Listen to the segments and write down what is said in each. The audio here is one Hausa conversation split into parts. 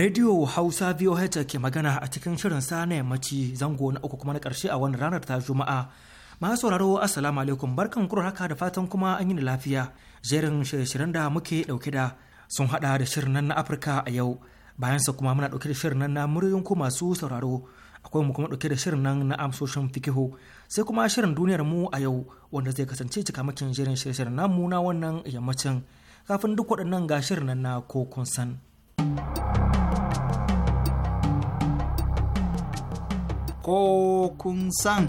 Radio Hausa VOH ke magana a cikin shirin sa na yammaci zango na uku kuma na ƙarshe a wani ranar ta Juma'a. Masu sauraro Assalamu alaikum barkan kuro haka da fatan kuma an yi lafiya. Jerin shirye da muke ɗauke da sun haɗa da shirin nan na Afirka a yau. Bayan sa kuma muna dauke da shirin nan na muryoyin ku masu sauraro. Akwai mu kuma ɗauke da shirin nan na amsoshin fikihu. Sai kuma shirin duniyar mu a yau wanda zai kasance cikamakin jerin shirin shiryen namu na wannan yammacin. Kafin duk waɗannan ga shirin nan na ko kun san. thank you ko kun san.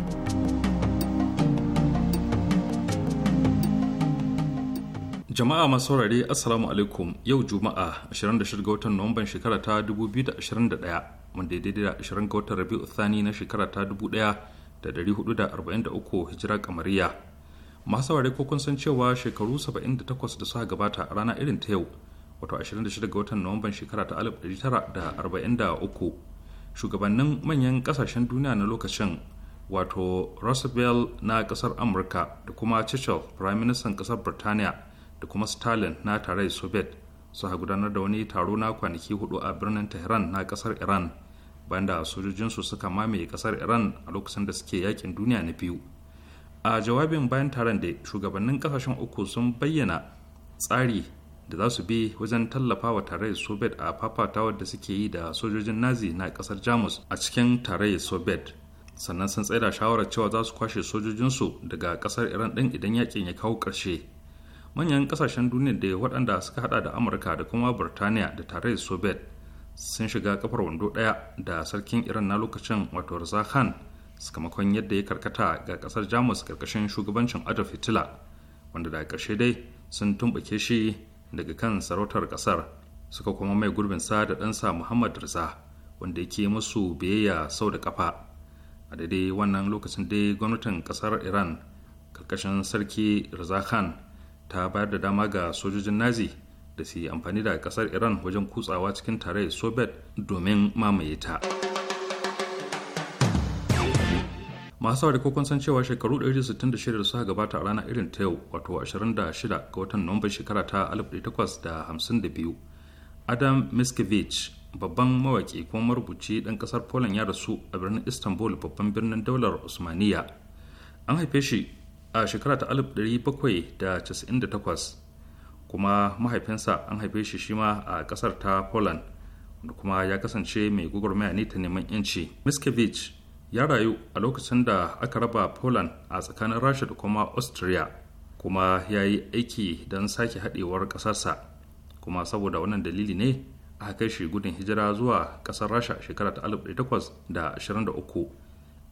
Jama'a masu saurare Assalamu alaikum yau Juma'a 26 ga watan Nuwamban shekara ta 2021 wanda ya daidai da 20 ga watan Rabi'u Thani na shekara ta 1443 hijira kamariya. Masu saurare ko kun san cewa shekaru 78 da suka gabata a rana irin ta yau wato 26 ga watan Nuwamban shekara ta 1943 shugabannin manyan kasashen duniya na lokacin wato roosevelt na kasar amurka da kuma churchill prime minister kasar birtaniya da kuma stalin na tare soviet su gudanar da wani taro na kwanaki hudu a birnin tehran na kasar iran bayan da sojojinsu suka mamaye kasar iran a lokacin da suke yakin duniya na biyu a jawabin bayan taron da shugabannin kasashen uku sun bayyana tsari da za su bi wajen tallafa wa tarayyar soviet a fafatawar da suke yi da sojojin nazi na kasar jamus a cikin tarayyar soviet sannan sun tsaida shawarar cewa za su kwashe sojojinsu daga kasar iran din idan yakin ya kawo karshe manyan kasashen duniya da waɗanda suka hada da amurka da kuma burtaniya da tarayyar soviet sun shiga kafar wando ɗaya da sarkin iran na lokacin wato rza khan sakamakon yadda ya karkata ga kasar jamus karkashin shugabancin adolf hitler wanda daga karshe dai sun tumbake shi daga kan sarautar kasar suka kuma mai gurbin sa da ɗansa muhammad raza wanda yake musu biyayya sau da kafa a daidai wannan lokacin dai gwamnatin kasar iran karkashin sarki riza khan ta bayar da dama ga sojojin nazi da su yi amfani da kasar iran wajen kutsawa cikin tarayyar soviet domin mamaye ta. masu saurari ko kun san cewa shekaru 166 da suka gabata a ranar irin ta yau wato 26 ga watan nuwamba shekara ta 1852 adam miskevich babban mawaki kuma marubuci ɗan ƙasar poland ya rasu a birnin istanbul babban birnin daular usmaniya an haife shi a shekara ta 1798 kuma mahaifinsa an haife shi shi ma a ƙasar ta poland kuma ya kasance mai gugurmaya ne ta neman yanci miskevich ya rayu a lokacin da aka raba poland a tsakanin rasha da kuma austria kuma ya yi aiki don sake haɗewar ƙasarsa kuma saboda wannan dalili ne aka kai shi gudun hijira zuwa ƙasar rasha shekara ta 1823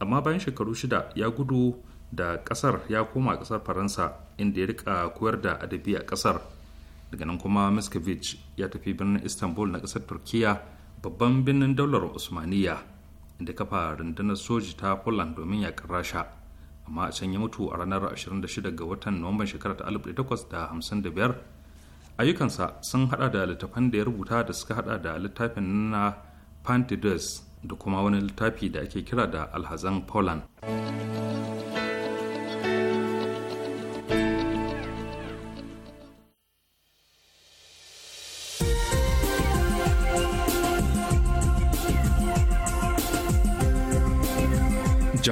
amma bayan shekaru shida ya gudu da ƙasar ya koma ƙasar faransa inda ya rika koyar da adabi a ƙasar daga nan kuma miskovic ya tafi birnin istanbul na ƙasar turkiya babban birnin daular usmaniya inda kafa rundunar soji ta poland domin yakar rasha amma a can ya mutu a ranar 26 ga watan nuwamban shekarar ta 1855 ayyukansa sun hada da littafan da ya rubuta da suka hada da littafin na pantidus da kuma wani littafi da ake kira da alhazan poland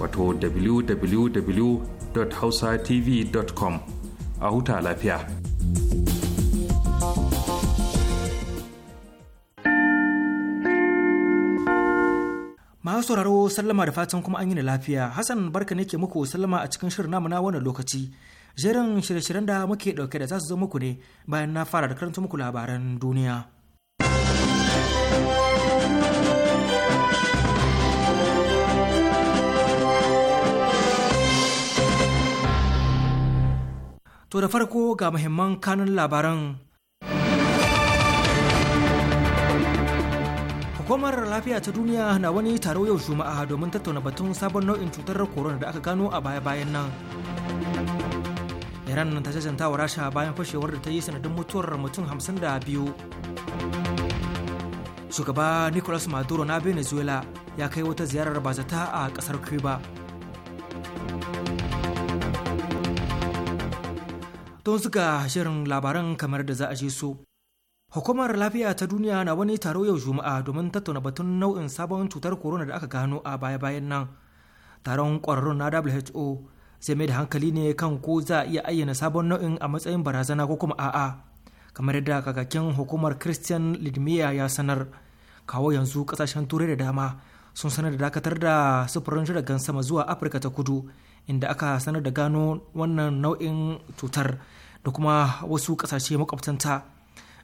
wato www.hausatv.com a huta lafiya. Masu sauraro sallama da fatan kuma an yi da lafiya. Hassan barka ne ke muku sallama a cikin shirin namu na lokaci. Jerin shirye-shiryen da muke dauke da za su zo muku ne bayan na fara da karanta muku labaran duniya. To da farko ga muhimman kanun labaran. Hukumar lafiya ta duniya na wani taro yau Juma'a domin tattauna batun sabon nau'in cutar corona da aka gano a baya-bayan nan. Iran ta jajanta wa Rasha bayan fashewar da ta yi sanadin mutuwar mutum hamsin da biyu. Shugaba Nicolas Maduro na Venezuela ya kai wata ziyarar bazata a ƙasar Cuba. don suka shirin labaran kamar da za a je su. Hukumar lafiya ta duniya na wani taro yau Juma'a domin tattauna batun nau'in sabon cutar corona da aka gano a baya-bayan nan. Taron ƙwararrun na WHO zai mai da hankali ne kan ko za a iya ayyana sabon nau'in a matsayin barazana ko kuma a'a. Kamar yadda kakakin hukumar Christian Lidmiya ya sanar, kawo yanzu kasashen turai da dama sun sanar da dakatar da sufurin shirin sama zuwa Afirka ta kudu inda aka sanar da gano wannan nau'in cutar da kuma wasu kasashe makwabtanta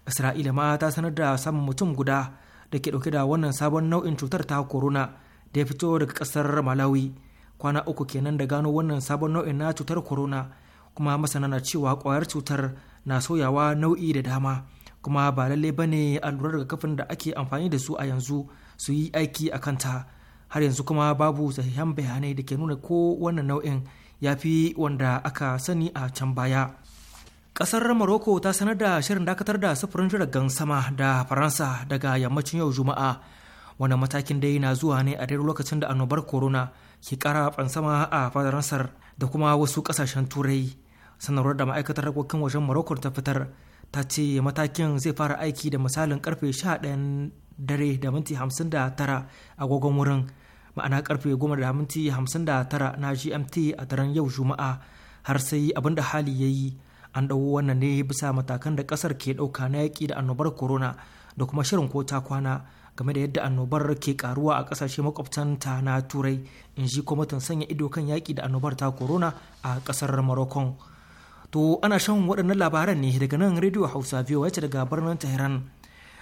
isra'ila ma ta sanar da samun mutum guda da ke dauke da wannan sabon nau'in cutar ta corona da ya fito daga kasar malawi kwana uku kenan da gano wannan sabon nau'in na cutar corona kuma masana na cewa kwayar cutar na soyawa nau'i da dama kuma ba lalle bane daga kafin da ake amfani da su a yanzu su yi aiki a kanta har yanzu kuma babu sahihan bayanai da ke nuna ko wannan nau'in ya fi wanda aka sani a can baya kasar morocco ta sanar da shirin dakatar da sufurin jiragen sama da faransa daga yammacin yau juma'a wannan matakin dai na zuwa ne a daidai lokacin da annobar corona ke kara sama a faransar da kuma wasu kasashen turai sanarwar da ma'aikatar harkokin wajen morocco ta fitar ta ce matakin zai fara aiki da misalin karfe 11 dare da minti 59 agogon wurin ma'ana karfe 10:59 na gmt a daren yau juma'a har sai abin da hali ya yi an ɗau wannan ne bisa matakan da ƙasar ke ɗauka na yaƙi da annobar corona da kuma shirin ko ta kwana game da yadda annobar ke karuwa a ƙasashe makwabtanta na turai in ji kwamitin sanya ido kan yaƙi da annobar ta corona a ƙasar morocco to ana shan waɗannan labaran ne daga nan rediyo hausa wacce daga birnin tehran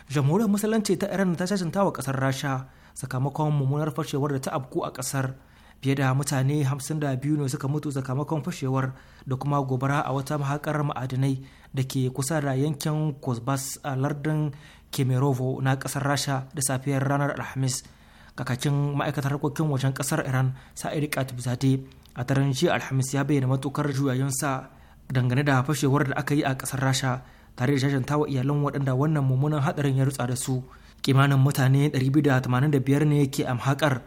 jamhuriyar musulunci ta iran ta cacanta wa ƙasar rasha sakamakon mummunar fashewar da ta afku a kasar fiye da mutane 52 ne suka mutu sakamakon fashewar da kuma gobara a wata mahakar ma'adinai da ke kusa da yankin kuzbas a lardin kemerovo na kasar rasha da safiyar ranar alhamis kakakin ma'aikatar harkokin wajen kasar iran sa'id zade a daren jiya alhamis ya bayyana matukar sa dangane da fashewar da aka yi a kasar rasha tare da jajantawa iyalan waɗanda wannan mummunan hadarin ya rutsa da su kimanin mutane 285 ne ke amhakar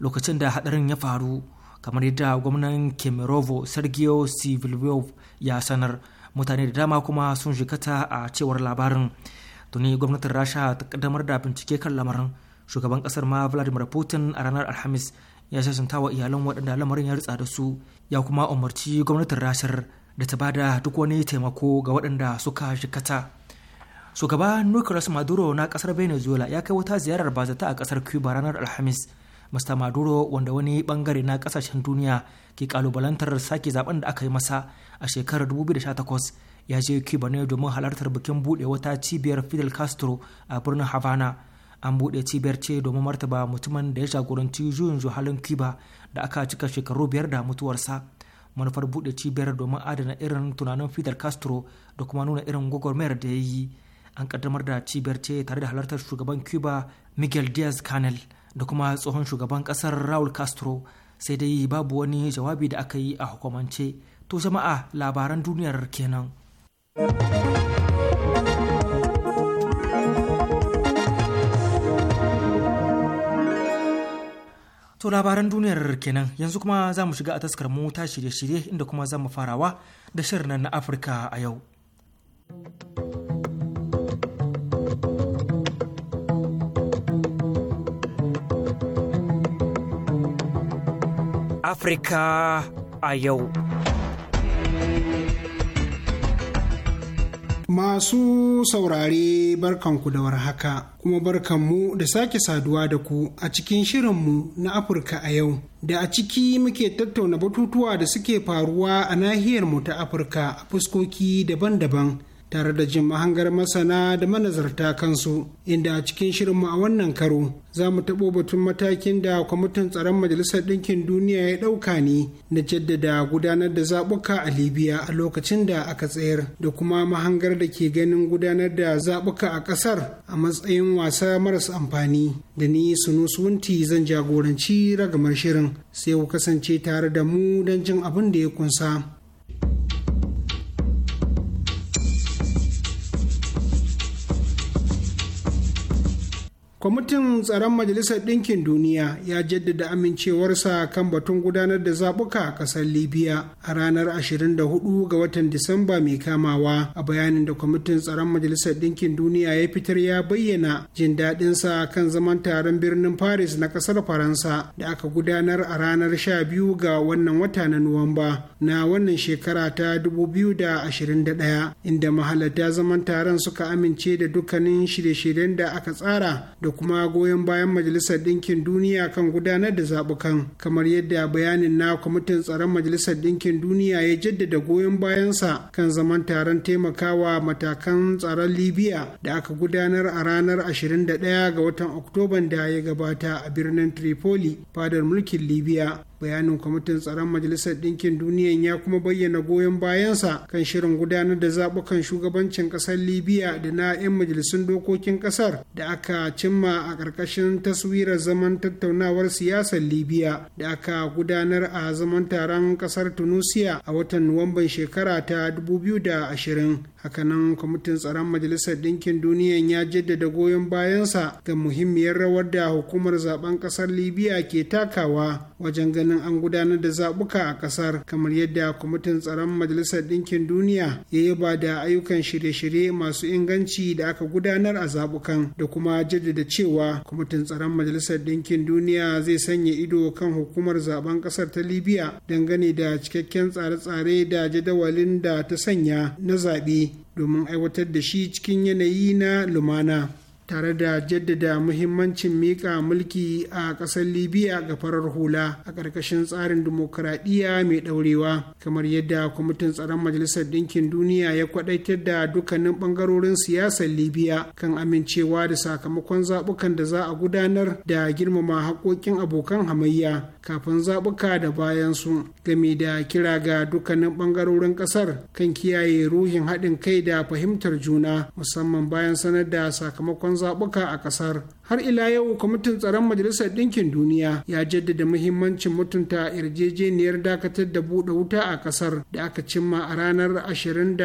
lokacin da hadarin ya faru kamar yadda gwamnan kemerovo sergio sivilov ya sanar mutane da dama kuma sun shikata a cewar labarin tuni gwamnatin rasha ta kaddamar da bincike kan lamarin shugaban kasar ma vladimir putin a ranar alhamis ya sasanta wa iyalan waɗanda lamarin ya ritsa da su ya kuma umarci gwamnatin rashar da ta bada duk wani taimako ga waɗanda suka shikata shugaba nicolas maduro na kasar venezuela ya kai wata ziyarar bazata a kasar cuba ranar alhamis mr maduro wanda wani bangare na kasashen duniya ke kalubalantar sake zaben da aka yi masa a shekarar 2018 ya je cuba ne domin halartar bikin buɗe wata cibiyar fidel castro a birnin havana an buɗe cibiyar ce domin martaba mutumin da ya shagoranci juyin zuhalin cuba da aka cika shekaru biyar da mutuwarsa manufar buɗe cibiyar domin adana irin tunanin fidel castro da kuma nuna irin gwagwarmayar da ya yi an kaddamar da cibiyar ce tare da halartar shugaban cuba miguel diaz canel da kuma tsohon shugaban kasar raul castro sai dai babu wani jawabi da aka yi a hukumance to jama'a labaran duniyar kenan To labaran duniyar kenan yanzu kuma za mu shiga a taskar mu ta shirye-shirye inda kuma za mu farawa da shirin na Afirka a yau. Afrika a yau. Masu saurare barkanku da warhaka kuma barkanmu da sake saduwa da ku a cikin shirinmu na Afirka a yau. da a ciki muke tattauna batutuwa da suke faruwa a nahiyarmu ta afirka a fuskoki daban-daban tare da jin mahangar masana da manazarta kansu inda a cikin shirinmu a wannan karo za mu taɓo batun matakin da kwamitin tsaron majalisar ɗinkin duniya ya ɗauka ne na jaddada gudanar da zaɓuka a libiya a lokacin da aka tsayar da kuma mahangar da ke ganin gudanar da zaɓuka a ƙasar a matsayin wasa maras amfani da ni sunu suwunti zan jagoranci ragamar shirin sai ku kasance tare da mu don jin abin da ya kunsa. kwamitin tsaron majalisar ɗinkin duniya ya jaddada amincewarsa kan batun gudanar da zaɓuka a ƙasar libya a ranar 24 ga watan disamba mai kamawa a bayanin da kwamitin tsaron majalisar ɗinkin duniya ya fitar ya bayyana jin daɗinsa kan zaman taron birnin paris na ƙasar faransa da aka gudanar a ranar 12 ga wannan wata na nuwamba na wannan shekara ta 2021 inda mahalarta zaman taron suka amince da dukkanin shirye-shiryen da aka tsara da kuma goyon bayan majalisar ɗinkin duniya kan gudanar da zaɓukan kamar yadda bayanin na kwamitin tsaron majalisar ɗinkin duniya ya jaddada goyon bayansa kan zaman taron taimakawa matakan tsaron libya da aka gudanar a ranar 21 ga watan oktoban da ya gabata a birnin tripoli fadar mulkin libya bayanin kwamitin tsaron majalisar ɗinkin duniya ya kuma bayyana goyon bayansa kan shirin gudanar da zaɓukan shugabancin ƙasar libya da na 'yan majalisun dokokin ƙasar da aka cimma a ƙarƙashin taswirar zaman tattaunawar siyasar libya da aka gudanar a zaman taron ƙasar tunisia a watan nuwamban shekara ta 2020 hakanan kwamitin tsaron majalisar ɗinkin duniya ya jaddada goyon bayansa ga muhimmiyar rawar da hukumar zaben ƙasar libya ke takawa wajen ganin ganin an gudanar da zabuka a ƙasar kamar yadda kwamitin tsaron majalisar ɗinkin duniya ya yaba da ayyukan shirye-shirye masu inganci da aka gudanar a zaɓukan da kuma jaddada cewa kwamitin tsaron majalisar ɗinkin duniya zai sanya ido kan hukumar zaben ƙasar ta libya dangane da cikakken tsare-tsare da jadawalin da ta sanya na zaɓe domin aiwatar da shi cikin yanayi na lumana. tare da jaddada muhimmancin miƙa mulki a ƙasar libya ga farar hula a ƙarƙashin tsarin dimokuraɗiyya mai ɗaurewa kamar yadda kwamitin tsaron majalisar ɗinkin duniya ya kwaɗaitar da dukkanin ɓangarorin siyasar libya kan amincewa da sakamakon zaɓukan da za a gudanar da girmama haƙoƙin abokan hamayya kafin zaɓuka da bayan su game da kira ga dukkanin ɓangarorin ƙasar kan kiyaye ruhin haɗin kai da fahimtar juna musamman bayan sanar da sakamakon sauran zaɓuka a ƙasar har ila yau kwamitin tsaron majalisar ɗinkin duniya ya jaddada muhimmancin mutunta yarjejeniyar dakatar da buɗe wuta a ƙasar da aka cimma a ranar 23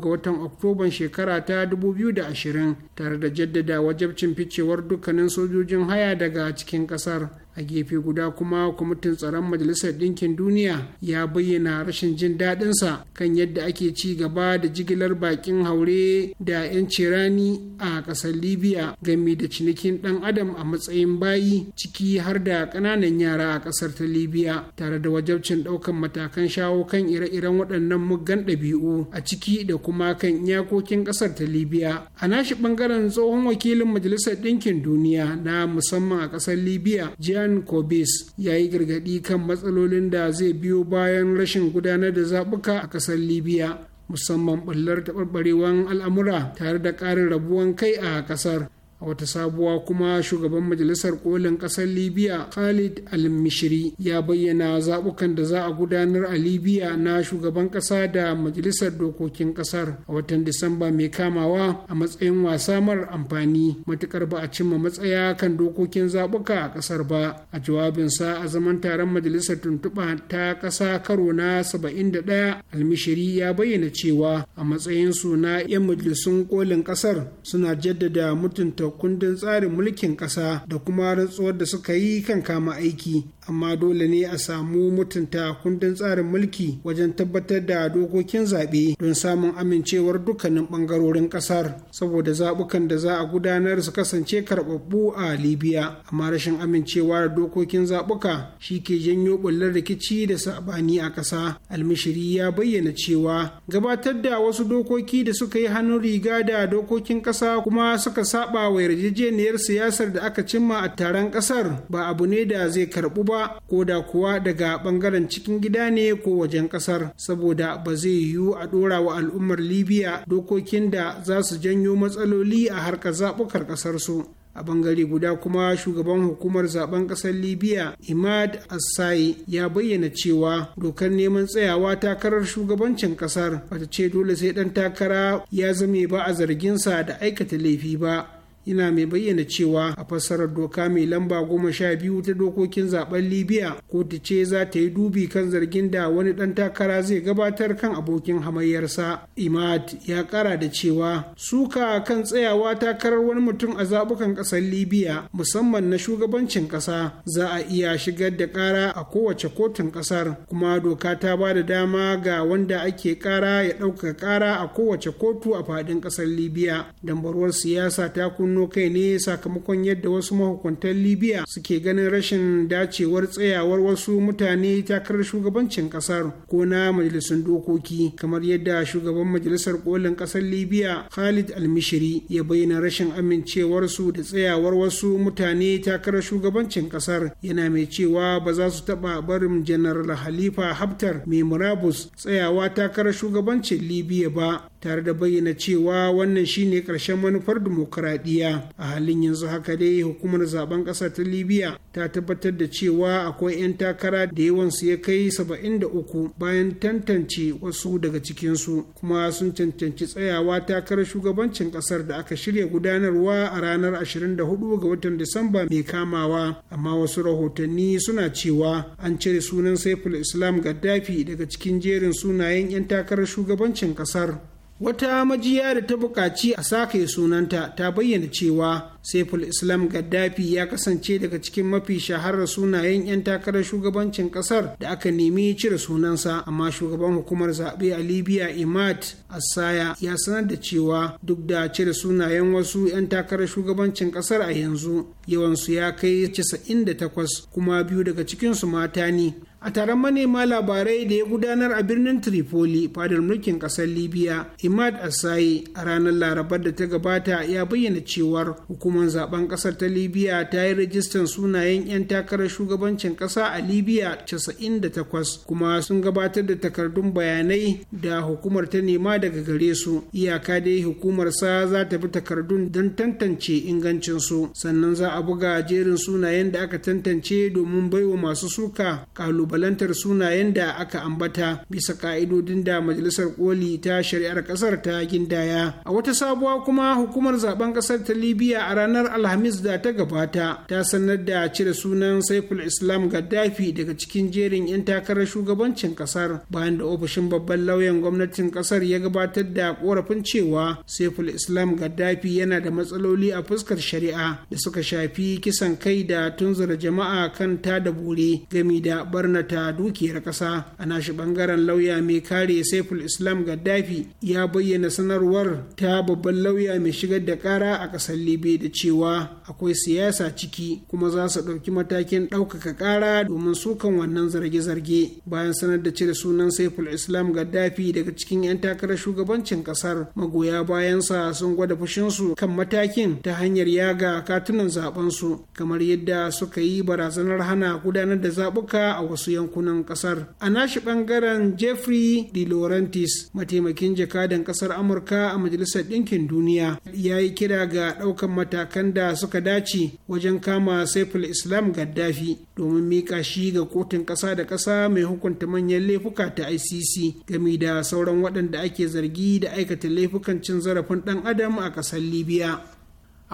ga watan oktoban shekara ta 2020 tare da jaddada wajabcin ficewar dukkanin sojojin haya daga cikin ƙasar a gefe guda kuma kwamitin tsaron majalisar ɗinkin duniya ya bayyana rashin jin daɗinsa kan yadda ake ci gaba da jigilar bakin haure da 'yan cirani a ƙasar libya gami da cinikin ɗan adam a matsayin bayi ciki har da ƙananan yara a ƙasar ta libya tare da wajabcin ɗaukan matakan shawo kan ire-iren waɗannan muggan ɗabi'u a ciki da kuma kan iyakokin ƙasar ta libya a nashi ɓangaren tsohon wakilin majalisar ɗinkin duniya na musamman a ƙasar libya jiya jan kobes ya yi gargaɗi kan matsalolin da zai biyo bayan rashin gudanar da zaɓuka a ƙasar libya musamman ɓullar taɓarɓarewan al'amura tare da ƙarin rabuwan kai a ƙasar a wata sabuwa kuma shugaban majalisar kolin ƙasar libya khalid al-mishri ya bayyana zaɓukan da za a gudanar a libya na shugaban ƙasa da majalisar dokokin ƙasar a watan disamba mai kamawa a matsayin wasa mara amfani matukar ba a cimma matsaya kan dokokin zaɓuka a ƙasar ba a jawabinsa a zaman taron majalisar tuntuɓa ta ƙasa karo na 71 almishiri ya bayyana cewa a matsayinsu na 'yan majalisun kolin ƙasar suna jaddada mutunta kundin tsarin mulkin ƙasa da kuma rantsuwar da suka yi kan kama aiki amma dole ne a samu mutunta kundin tsarin mulki wajen tabbatar da dokokin zaɓe don samun amincewar dukkanin ɓangarorin ƙasar saboda zaɓukan da za a gudanar su kasance karɓaɓɓu a libya amma rashin amincewa da dokokin zaɓuka shi ke janyo ɓullar rikici da saɓani a ƙasa almishiri ya bayyana cewa gabatar da wasu dokoki da suka yi hannun riga da dokokin ƙasa kuma suka saɓa wa yarjejeniyar siyasar da aka cimma a taron ƙasar ba abu ne da zai karɓu ba ba ko da kuwa daga bangaren cikin gida ne ko wajen kasar saboda ba zai yiwu a dora wa al'ummar libya dokokin da za su janyo matsaloli a harkar zaɓukar ƙasar su a bangare guda kuma shugaban hukumar zaben ƙasar libya imad assai ya bayyana cewa dokar neman tsayawa takarar shugabancin ƙasar bata ce dole sai dan takara ya zame ba a zarginsa da aikata laifi ba yana mai bayyana cewa a fassarar doka mai lamba goma sha biyu ta dokokin zaben libya kotu ce za ta yi dubi kan zargin da wani dan takara zai gabatar kan abokin hamayyarsa imad ya kara da cewa suka kan tsayawa takarar wani mutum a zabukan kasar libya musamman na shugabancin kasa za a iya shigar da kara a kowace kotun kasar kuma doka ta ba da dama ga wanda ake kara ya ɗauka kara a kowace kotu a faɗin kasar libya dambarwar siyasa ta kun hannu kai ne sakamakon yadda wasu mahukuntan libya suke ganin rashin dacewar tsayawar wasu mutane takarar shugabancin kasar ko na majalisun dokoki kamar yadda shugaban majalisar kolin kasar libya khalid almishiri ya bayyana rashin amincewarsu da tsayawar wasu mutane takarar shugabancin kasar yana mai cewa ba za su taɓa barin janar halifa haftar mai murabus tsayawa takarar shugabancin libya ba tare da bayyana cewa wannan shine ƙarshen manufar dimokuraɗiyya a halin yanzu haka dai hukumar zaben ƙasa ta libya ta tabbatar da cewa akwai 'yan takara da yawansu ya kai 73 bayan tantance wasu daga cikinsu kuma sun cancanci tsayawa takarar shugabancin ƙasar da aka shirya gudanarwa a ranar 24 ga watan disamba mai kamawa amma wasu rahotanni suna cewa an cire sunan saiful islam gaddafi daga cikin jerin sunayen 'yan takarar shugabancin ƙasar wata majiya da ta buƙaci a sake sunanta ta bayyana cewa saiful islam gaddafi ya kasance daga cikin mafi shaharar sunayen 'yan takarar shugabancin kasar da aka nemi cire sunansa amma shugaban hukumar zaɓe a libya imad assaya ya sanar da cewa duk da cire sunayen wasu 'yan takarar shugabancin kasar a yanzu yawansu ya kai 98 kuma biyu daga cikinsu mata ne a taron manema labarai da ya gudanar a birnin tripoli fadar mulkin kasar libya imad asayi a ranar larabar da ta gabata ya bayyana cewar hukumar zaben kasar ta libya ta yi rajistan sunayen 'yan takarar shugabancin kasa a libya 98 kuma sun gabatar da takardun bayanai da hukumar ta nema daga gare su iyaka dai hukumar sa za ta bi takardun don tantance ingancin su sannan za a buga jerin sunayen da aka tantance domin baiwa masu suka kalubale kalubalantar sunayen da aka ambata bisa ka'idodin da majalisar koli ta shari'ar kasar ta gindaya a wata sabuwa kuma hukumar zaben kasar ta libya a ranar alhamis da ta gabata ta sanar da cire sunan saiful islam gaddafi daga cikin jerin 'yan takarar shugabancin kasar bayan da ofishin babban lauyan gwamnatin kasar ya gabatar da korafin cewa saiful islam gaddafi yana da matsaloli a fuskar shari'a da suka shafi kisan kai da tunzura jama'a kan ta da bure gami da barna ta dukiyar kasa a nashi bangaren lauya mai kare saiful islam gaddafi ya bayyana sanarwar ta babban lauya mai shigar da ƙara a kasar libya da cewa akwai siyasa ciki kuma za su ɗauki matakin ɗaukaka ƙara domin sukan wannan zarge-zarge bayan sanar da cire sunan saiful islam gaddafi daga cikin 'yan takarar shugabancin kasar magoya bayansa sun gwada fushinsu kan matakin ta hanyar yaga katunan su kamar yadda suka yi barazanar hana gudanar da zabuka a wasu wasu yankunan kasar a nashi bangaren jeffrey de Laurentiis, mataimakin jakadan kasar amurka a majalisar ɗinkin duniya ya yi kira ga ɗaukan matakan da suka dace wajen kama saiful islam gaddafi domin miƙa shi ga kotun ƙasa da ƙasa mai hukunta manyan laifuka ta icc gami da sauran waɗanda ake zargi da aikata laifukan cin zarafin ɗan adam a ƙasar libya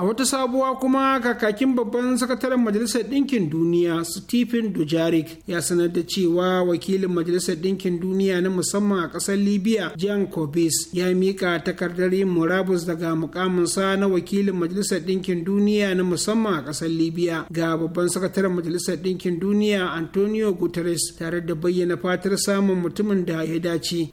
a wata sabuwa kuma kakakin babban sakataren majalisar ɗinkin duniya stephen dujarik ya sanar da cewa wakilin majalisar ɗinkin duniya na musamman a ƙasar libya jan kobis ya miƙa takardar yin murabus daga mukaminsa na wakilin majalisar ɗinkin duniya na musamman a ƙasar libya ga babban sakataren majalisar ɗinkin duniya antonio guterres tare da bayyana fatar samun mutumin da ya dace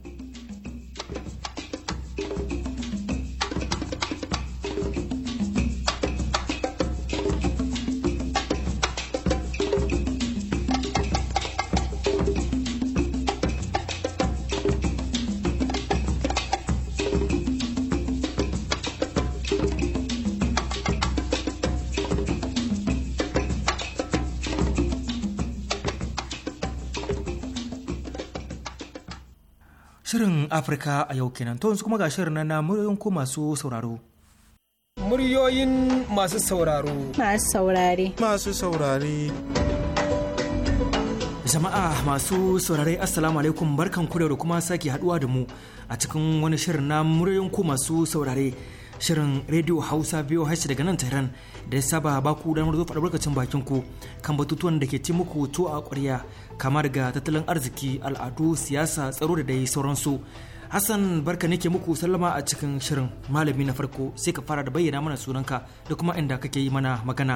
Afirka a yau kenan to yanzu kuma ga shirin na muryoyin ku masu sauraro. Muryoyin masu sauraro. Masu saurare. Masu saurare. Jama'a masu saurare Assalamu alaikum barkan ku da kuma sake haduwa da mu a cikin wani shirin na muryoyin ku masu saurare. shirin radio hausa biyo hashi daga nan tehran da ya saba baku damar zo faɗa barkacin bakin ku kan batutuwan da ke ci muku to a ƙwarya kamar ga tattalin arziki al'adu siyasa tsaro da dai sauransu hassan barka nake muku sallama a cikin shirin malami na farko sai ka fara da bayyana mana sunanka da kuma inda kake yi mana magana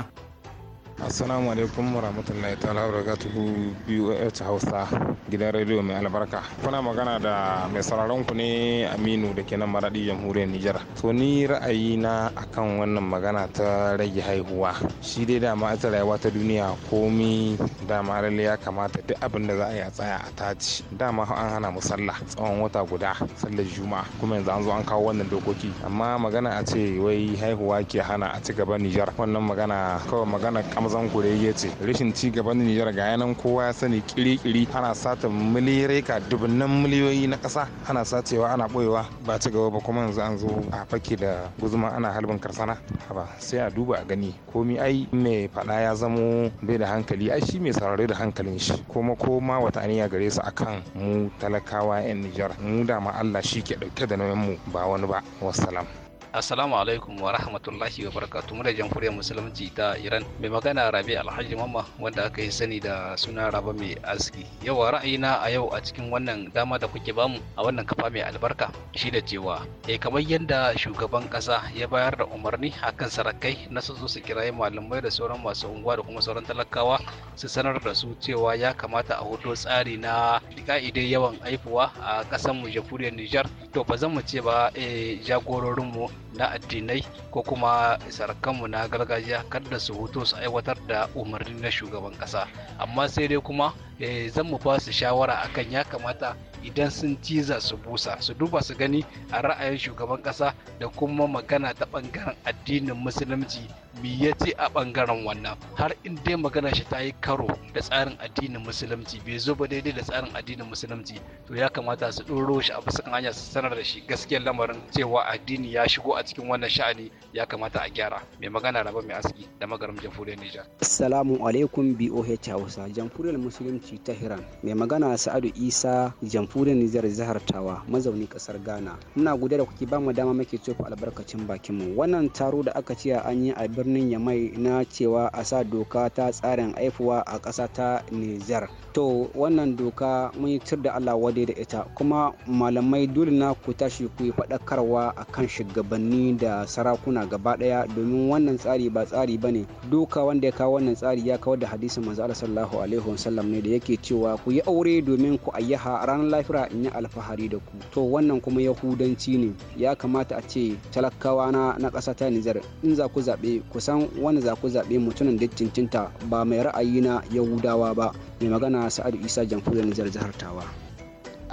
assalamu alaikum warahmatullahi ta'ala wa barakatuhu boh hausa gidan rediyo mai albarka kuna magana da mai sauraron ku ne aminu da ke nan maradi jamhuriyar nijar to ni ra'ayi na akan wannan magana ta rage haihuwa shi dai dama ita rayuwa ta duniya komi dama lalle ya kamata duk abin da za a yi a tsaya a taci dama an hana mu sallah tsawon wata guda sallar juma'a kuma yanzu an zo an kawo wannan dokoki amma magana a ce wai haihuwa ke hana a ci gaban nijar wannan magana kawai magana kamzan kurege ce rashin ci gaban nijar ga yanan kowa ya sani kiri-kiri ana sa satan milireka dubunnan miliyoyi na ƙasa ana sacewa ana ɓoyewa ba ci gaba ba kuma yanzu an zo a fake da guzuma ana halbin karsana haba sai a duba a gani komi ai mai faɗa ya zamo bai da hankali ai shi mai saurare da hankalin shi kuma ko ma wata aniya gare su akan mu talakawa 'yan Nijar mu da ma Allah shi ke ɗauke da nauyin mu ba wani ba wassalam Assalamu alaikum wa rahmatullahi wa barakatu da jamhuriyar musulunci ta Iran. Mai magana Rabi Alhaji Mamma wanda aka yi sani da suna Raba mai aski. Yau ra'ayina a yau a cikin wannan dama da kuke bamu a wannan kafa mai albarka shi da cewa eh kamar yadda shugaban kasa ya bayar da umarni akan sarakai na su zo su kirayi malamai da sauran masu unguwa da kuma sauran talakawa su sanar da su cewa ya kamata a hoto tsari na ka'idai yawan aifuwa a kasar mu jamhuriyar Nijar to ba zan mu ce ba eh, jagororin mu na addinai ko kuma sarakanmu na gargajiya kada su hoto su aiwatar da umarni na shugaban kasa amma sai dai kuma eh, zan mu su shawara akan ya kamata idan sun ciza su busa su duba su gani a ra'ayin shugaban kasa da kuma magana ta ɓangaren addinin musulunci mi ya ce a ɓangaren wannan har in dai magana shi ta yi karo da tsarin addinin musulunci bai zo ba daidai da tsarin addinin musulunci to ya kamata su ɗoro shi a bisa hanya su sanar da shi gaskiyar lamarin cewa addini ya shigo a cikin wannan sha'ani ya kamata a gyara mai magana raba mai aski da magaram jamhuriyar Nijar. Assalamu alaikum BOH Hausa jamhuriyar musulunci ta Hiran mai magana Sa'adu Isa jamhuriyar Nijar jihar Tawa mazauni kasar Ghana muna gudanar da kuke ba mu dama muke tofa albarkacin bakin mu wannan taro da aka ce an yi a birnin yamai na cewa a sa doka ta tsarin aifuwa a ƙasa ta nijar to wannan doka mun yi cir da allah wade da ita kuma malamai dole na ku tashi ku yi faɗakarwa a kan shugabanni da sarakuna gaba ɗaya domin wannan tsari ba tsari ba ne doka wanda ya kawo wannan tsari ya kawar da hadisin manzo allah sallallahu alaihi wasallam ne da yake cewa ku yi aure domin ku ayyaha ranar lafira in yi alfahari da ku to wannan kuma yahudanci ne ya kamata a ce talakawa na ƙasa ta nijar in za ku zaɓe kusan wani zaku zaɓe mutumin da tintinta ba mai ra'ayi na yahudawa ba mai magana sa'adu isa jamhuriyar nijar jihar tawa.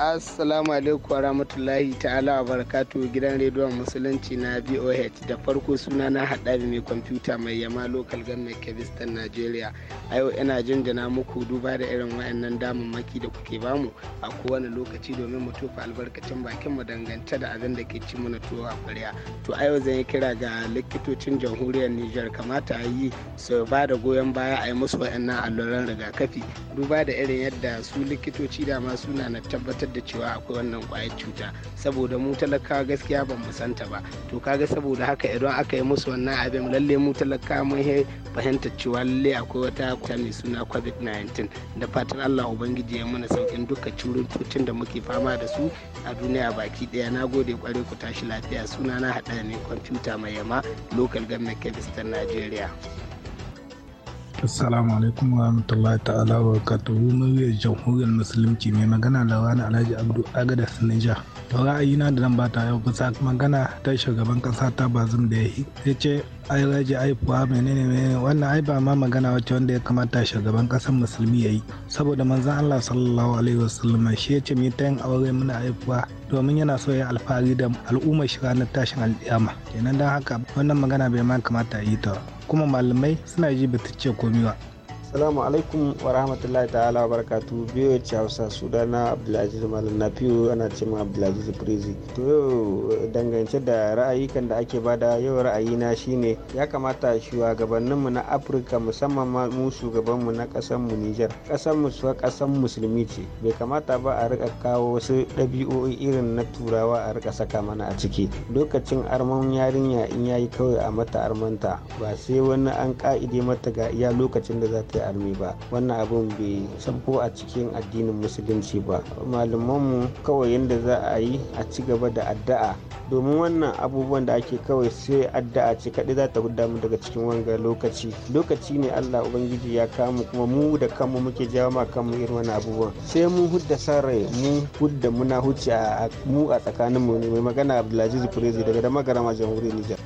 assalamu alaikum warahmatullahi ta'ala wa barakatu gidan rediyon musulunci na boh da farko suna na haɗari mai kwamfuta mai yama lokal gannan kebistan nigeria a yau ina jinjina muku duba da irin wayannan maki da kuke bamu a kowane lokaci domin mu tofa albarkacin bakin mu dangance da abin da ke ci mana tuwo a kwarya to a yau zan yi kira ga likitocin jamhuriyar niger kamata a yi su ba da goyon baya a yi musu wayannan alluran rigakafi duba da irin yadda su likitoci da ma suna na tabbatar tabbatar da cewa akwai wannan kwayar cuta saboda mu talakawa gaskiya ban mu ta ba to kaga saboda haka idan aka yi musu wannan abin lalle mu talaka mun yi fahimta cewa lalle akwai wata kwata mai suna covid-19 da fatan allah ubangiji ya mana saukin duka cututtukan da muke fama da su a duniya baki daya na gode kwarai ku tashi lafiya suna na haɗa ne kwamfuta mai yama local government kebistan nigeria. Assalamu alaikum wa rahmatullahi ta'ala wa barakatuhu jamhuriyar musulunci mai magana da wani Alhaji Abdu Agada Sinija. ra'ayi ra'ayina da nan bata yau bisa magana ta shugaban kasa ta Bazum da yayi. Ya ce ai raji ai fuwa menene menene wannan ai ba ma magana wacce wanda ya kamata shugaban kasar musulmi yayi saboda manzan Allah sallallahu alaihi wasallam shi ya ce mu ta yin aure muna ai fuwa domin yana so ya alfahari da al'ummar shiga na tashin alƙiyama kenan dan haka wannan magana bai ma kamata yi ta kuma malamai suna ji ba ta ce komi Assalamu alaikum wa rahmatullahi ta'ala wa barakatu biyo ci Hausa na Abdulaziz Malam Nafiu ana ce ma Abdulaziz Prezi. To yau eh, dangance da ra'ayi kan da ake bada yau ra'ayi na shine ya kamata mu na Afirka musamman ma mu mu na ƙasar mu Niger. Ƙasar mu su ƙasar musulmi ce. Bai kamata ba a rika kawo wasu ɗabi'o'i irin na turawa a rika saka mana a ciki. Lokacin arman yarinya in yayi kawai a mata armanta ba sai wani an ka'ide mata ga iya lokacin da za ta almi ba wannan abun bai sako a cikin addinin musulunci ba malamanmu kawai yadda za a yi a ci gaba da addu'a domin wannan abubuwan da ake kawai sai addu'a ce kaɗai za ta gudda mu daga cikin wanga lokaci lokaci ne allah ubangiji ya kamu kuma mu da kanmu muke jawo ma kanmu irin wani abubuwan sai mun hudda sarai mu hudda muna huce a mu a tsakaninmu ne mai magana abdulaziz kurezi daga da magarama jamhuriyar nijar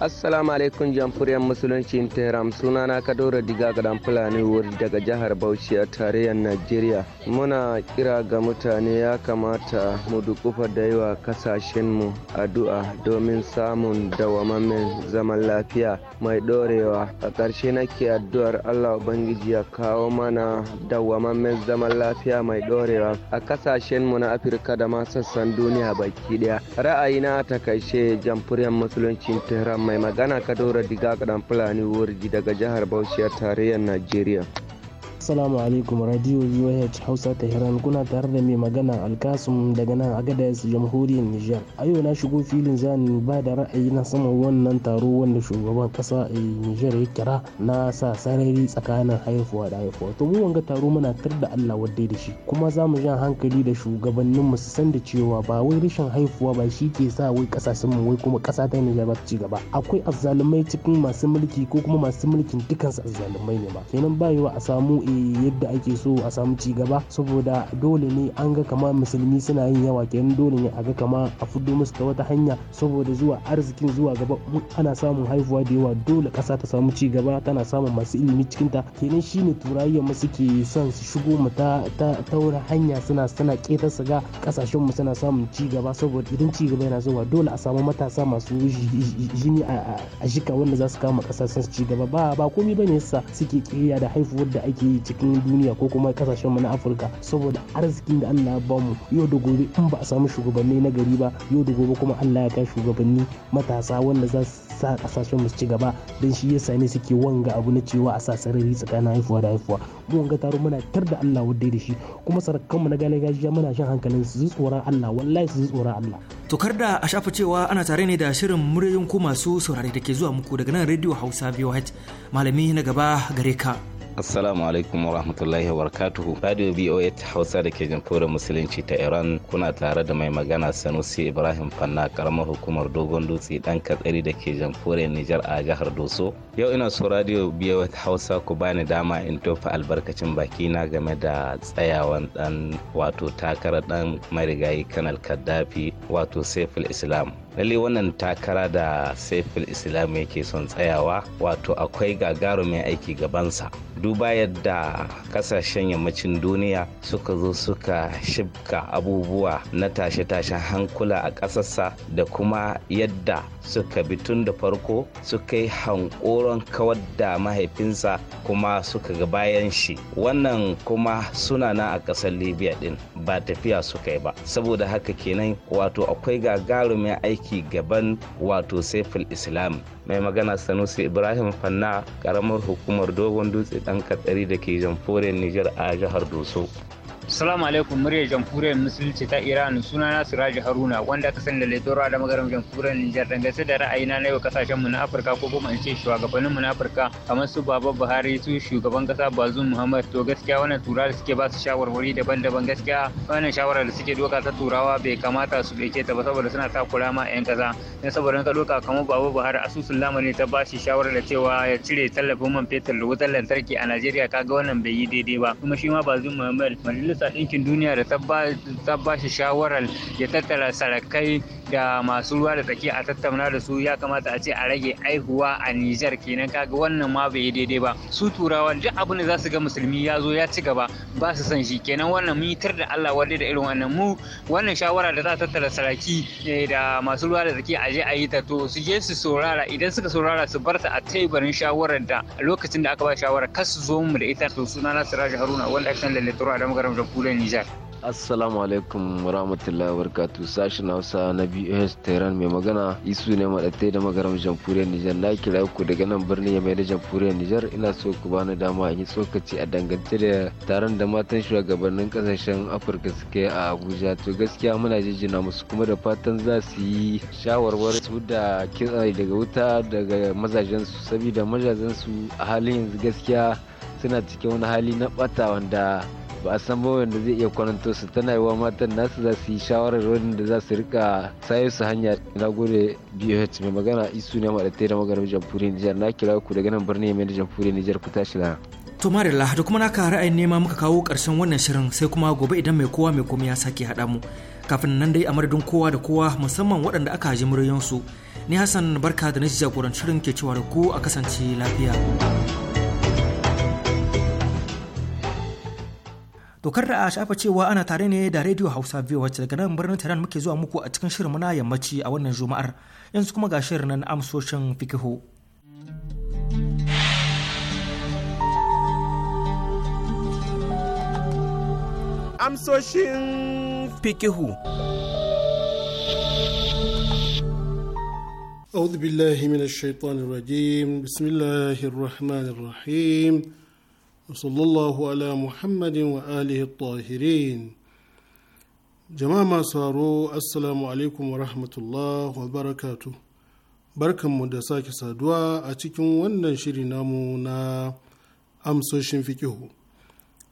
assalamu alaikum jamfuriyar musulunci tehran suna na kadora diga gadan fulani wuri daga jihar bauchi a tarayyar najeriya muna kira ga mutane ya kamata mu dukufa da yawa kasashenmu addu'a domin samun dawamammen zaman lafiya mai dorewa a ƙarshe nake addu'ar allah ubangiji ya kawo mana dawamammen zaman lafiya mai dorewa a kasashenmu na afirka da ma sassan duniya baki daya ra'ayina takaice jamfuriyar musulunci tehran mai magana kadora diga kadan fulani warji daga jihar bauchi tarayyar najeriya Assalamu alaikum Radio UH Hausa Tehran kuna tare da mai magana Alkasum daga nan Agadez Jamhuriyar Nijar. A yau na shigo filin zan ba da ra'ayi na saman wannan taro wanda shugaban kasa a eh, Nijar ya kira na sa sarari tsakanin haifuwa da haihuwa. To mu wanga taro muna tar da Allah wadda da shi kuma za mu jan hankali da shugabannin mu san da cewa ba wai rashin haifuwa ba shi ke sa wai kasashen mu wai kuma kasa ta Nijar ba ci gaba. Akwai azzalumai cikin masu mulki ko kuma masu mulkin dukansu azzalumai ne ba. Kenan ba a samu yadda ake so a samu ci gaba saboda dole ne an ga kama musulmi suna yin yawa kenan dole ne a ga kama a fuddo musu ta wata hanya saboda zuwa arzikin zuwa gaba ana samun haihuwa da yawa dole ƙasa ta samu ci gaba tana samun masu ilimi cikin ta kenan shine turayyar mu suke son su shigo mu ta ta wani hanya suna suna ƙetar su ga ƙasashen mu suna samun ci gaba saboda idan ci gaba yana zuwa dole a samu matasa masu jini a jika wanda za su kama ƙasashen su ci gaba ba ba komai bane yasa suke ƙiyya da haihuwar da ake yi cikin duniya ko kuma kasashen mu na afirka saboda arzikin da allah ya bamu yau da gobe in ba a samu shugabanni na gari ba yau da gobe kuma allah ya kai shugabanni matasa wanda za su sa kasashen mu su ci gaba don shi yasa ne suke wanga abu na cewa a sa sarari tsakanin haifuwa da haifuwa mu wanga taro muna tar da allah wadda da shi kuma sarakanmu na gajiya muna shan hankalin su tsoron allah wallahi su tsoron allah to kar da a shafa cewa ana tare ne da shirin muryoyin ku masu saurari da ke zuwa muku daga nan radio hausa biyu malami na gaba gare ka assalamu alaikum warahmatullahi wabarakatuhu radio boa ta hausa da ke jamhuriyar musulunci ta iran kuna tare da mai magana sanusi ibrahim fanna karamar hukumar dogon dutse dan katsari da ke jamhuriyar nijar a jihar doso yau ina so radio boa ta hausa ku bani dama in tofa albarkacin baki na game da tsayawan dan wato takarar dan marigayi kanal kaddafi wato saiful islam lalle wannan takara da saifin islam yake son tsayawa wato akwai gagarumin aiki gabansa duba yadda kasashen yammacin duniya suka zo suka shibka abubuwa na tashe-tashen hankula a ƙasarsa da kuma yadda suka bi tun da farko suka yi hankoron kawar da mahaifinsa kuma suka ga bayan shi wannan kuma suna na a ƙasar libya din ba tafiya suka yi ba saboda haka kenan wato akwai gagarumin aiki aiki gaban wato saiful islam mai magana sanusi ibrahim fanna karamar hukumar dogon dutse dan katsari da ke jamforin niger a jihar doso Assalamu alaikum muryar jamhuriyar musulunci ta Iran suna na Siraji Haruna wanda ta sani da Letora da magaram jamhuriyar Nijar dangane da ra'ayina na yau kasashen mu na Afirka ko kuma in ce shugabannin mu na Afirka kamar su Baba Buhari su shugaban kasa Bazoum Muhammad to gaskiya wannan tura da suke ba su shawarwari daban-daban gaskiya wannan shawarar da suke doka ta turawa bai kamata su ɗauke ta ba saboda suna takura ma 'yan kaza dan saboda ka doka kamar Baba Buhari asusun lamani ta ba shi shawarar da cewa ya cire tallafin man fetur da wutar lantarki a Najeriya kaga wannan bai yi daidai ba kuma shi ma Bazoum Muhammad majalisar ɗinkin duniya da ta ba shi shawarar ya tattara sarakai da masu ruwa da tsaki a tattauna da su ya kamata a ce a rage aihuwa a Nijar kenan kaga wannan ma bai yi daidai ba su turawa duk abin da za su ga musulmi ya zo ya ci gaba ba su san shi kenan wannan mun da Allah wadai da irin wannan mu wannan shawara da za a tattara saraki eh, da masu ruwa da tsaki a je a yi ta to su je su saurara idan suka saurara su bar ta a teburin shawarar da lokacin da aka ba shawara kas su zo mu da ita to suna na Siraj Haruna wanda aka san da turawa da magaram da Nijar. Assalamu alaikum warahmatullahi wabarakatuh sashen Hausa na BOS Tehran mai magana isu ne madatte da magaram jamhuriyar Nijar na kira ku daga nan birnin Yamai da jamhuriyar Nijar ina so ku bani dama in yi tsokaci a dangance da taron da matan shugabannin kasashen Afirka suke a Abuja to gaskiya muna jijjina musu kuma da fatan za su yi shawarwar su da kitsa daga wuta daga mazajen su saboda mazajen su a halin yanzu gaskiya suna cikin wani hali na bata wanda ba a san ba wanda zai iya kwananto su tana wa matan nasu za su yi shawarar wani da za su rika sayo su hanya na gode bh mai magana isu ne ma da maganar jamfuri Nijar na kira ku daga nan birni mai da jamfuri Nijar ku tashi la. To Marilla da kuma naka ra'ayin nema muka kawo ƙarshen wannan shirin sai kuma gobe idan mai kowa mai komai ya sake haɗa mu. Kafin nan dai a madadin kowa da kowa musamman waɗanda aka ji muryoyinsu. Ni Hassan barka da na jagorancin shirin ke cewa da ku a kasance lafiya. dokar da a shafa cewa ana tare ne da Radio Hausa V wacce daga nan birnin Tehran muke zuwa muku a cikin shirin na yammaci a wannan Juma'ar. Yanzu kuma ga shirin nan amsoshin fikihu. Amsoshin fikihu. أعوذ بالله من الشيطان الرجيم بسم وصلى الله muhammadin wa alihi الطاهرين jama'a masu haro assalamu alaikum wa rahmatullah wa barakatu barkanmu da sake saduwa a cikin wannan shiri namu na amsoshin fikihu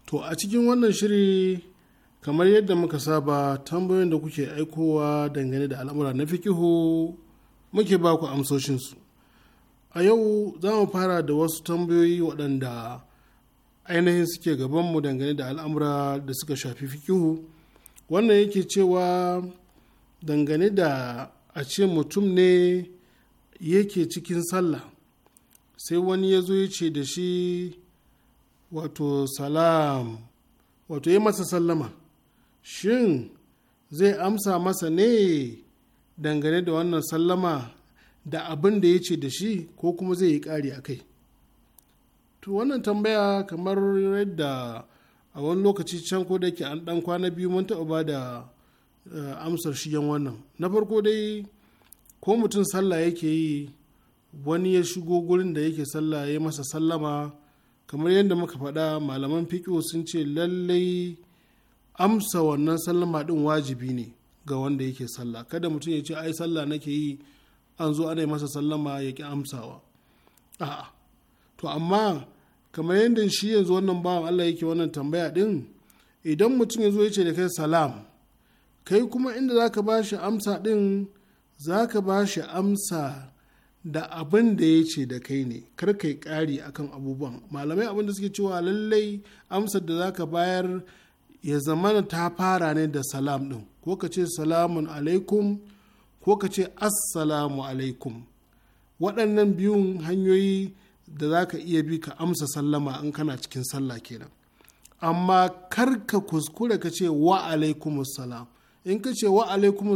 to a cikin wannan shiri kamar yadda muka saba tambayoyin da kuke aikowa dangane da al'amura na fikihu muke baku amsoshinsu a yau za mu fara da wasu tambayoyi waɗanda ainihin suke gabanmu dangane da al'amura da suka shafi fikihu wannan yake cewa dangane da a ce mutum ne yake cikin sallah sai wani ya zo ya ce da shi wato salam wato yi masa sallama shin zai amsa masa ne dangane da wannan sallama da abin da ya ce da shi ko kuma zai yi kari a kai to wannan tambaya kamar yadda a wani lokaci can ko da ke an dan kwana biyu mun taɓa ba da eh, amsar shigen wannan na farko dai ko mutum sallah yake yi wani ya shigo gurin da yake sallah ya masa sallama kamar yadda muka faɗa malaman fiƙo sun ce lallai amsa wannan sallama ɗin wajibi ne ga wanda yake sallah kada mutum ya ce ai sallah nake yi an zo ana masa sallama ya ki amsawa a'a to amma kamar yadda shi yanzu wannan bawan Allah yake wannan tambaya din idan mutum ya zo ya ce da kai salam kai kuma inda za ka ba shi amsa din za ka ba shi amsa da abin da ya ce da kai ne kar kai ƙari akan abubuwan malamai abin da suke cewa lallai amsar da za ka bayar ya zamana ta fara ne da salam din ko ka ce salamun alaikum ko ka ce assalamu alaikum waɗannan biyun hanyoyi da za ka iya bi ka amsa sallama in kana cikin sallah kenan amma kar ka kuskure ka ce wa salam.' in ka ce wa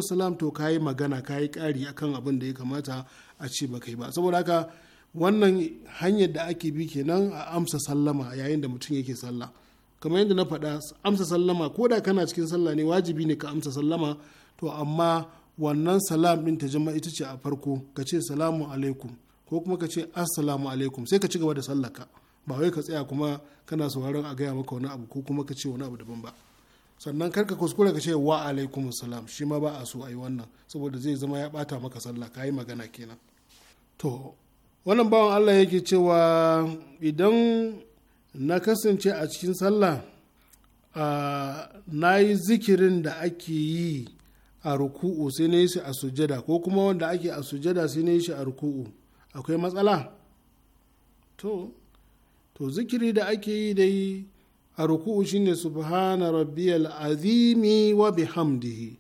salam,' to ka yi magana ka yi ƙari akan abin da ya kamata a ce ba kai ba saboda haka wannan hanyar da ake bi kenan a amsa sallama yayin da mutum yake sallah kamar yadda na faɗa amsa sallama ko da kana cikin sallah ne wajibi ne ka amsa sallama to amma wannan salam ɗin ta jama'a ita ce a farko ka ce salamu alaikum ko kuma ka ce assalamu alaikum sai ka ci gaba da sallaka ba wai ka tsaya kuma kana sauraron a gaya maka wani abu ko kuma ka ce wani abu daban ba sannan kar ka kuskure ka ce wa alaikum salam shi ma ba a so ayi wannan saboda zai zama ya bata maka sallah ka yi magana kenan to wannan bawan Allah yake cewa idan na kasance a cikin sallah na yi zikirin da ake yi a ruku'u sai na yi shi a sujada ko kuma wanda ake a sujada sai na yi shi a ruku'u akwai matsala to to zikiri da ake yi dai a ruku'u shine subhana rabbiyal azimi wa bihamdihi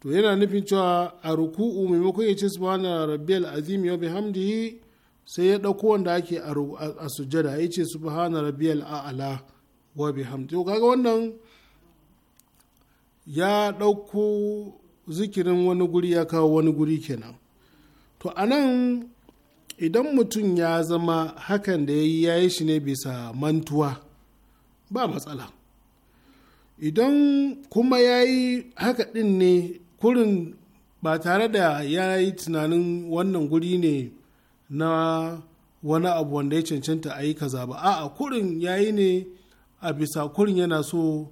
to yana nufin cewa a ruku'u maimakon ya ce subhana rabbiyal azimi wa bihamdihi sai ya dauko wanda ake a sujada ya ce subhana rabbiyal a'ala wa bihamdihi kaga wannan ya dauko zikirin wani guri ya kawo wani guri kenan to anan idan mutum ya zama hakan da ya yi ya yi shi ne bisa mantuwa ba matsala idan kuma ya yi haka ɗin ne kurin ba tare da ya yi tunanin wannan guri ne na wani abu wanda ya cancanta a yi kaza ba a'a kurin ya yi ne a bisa kurin yana so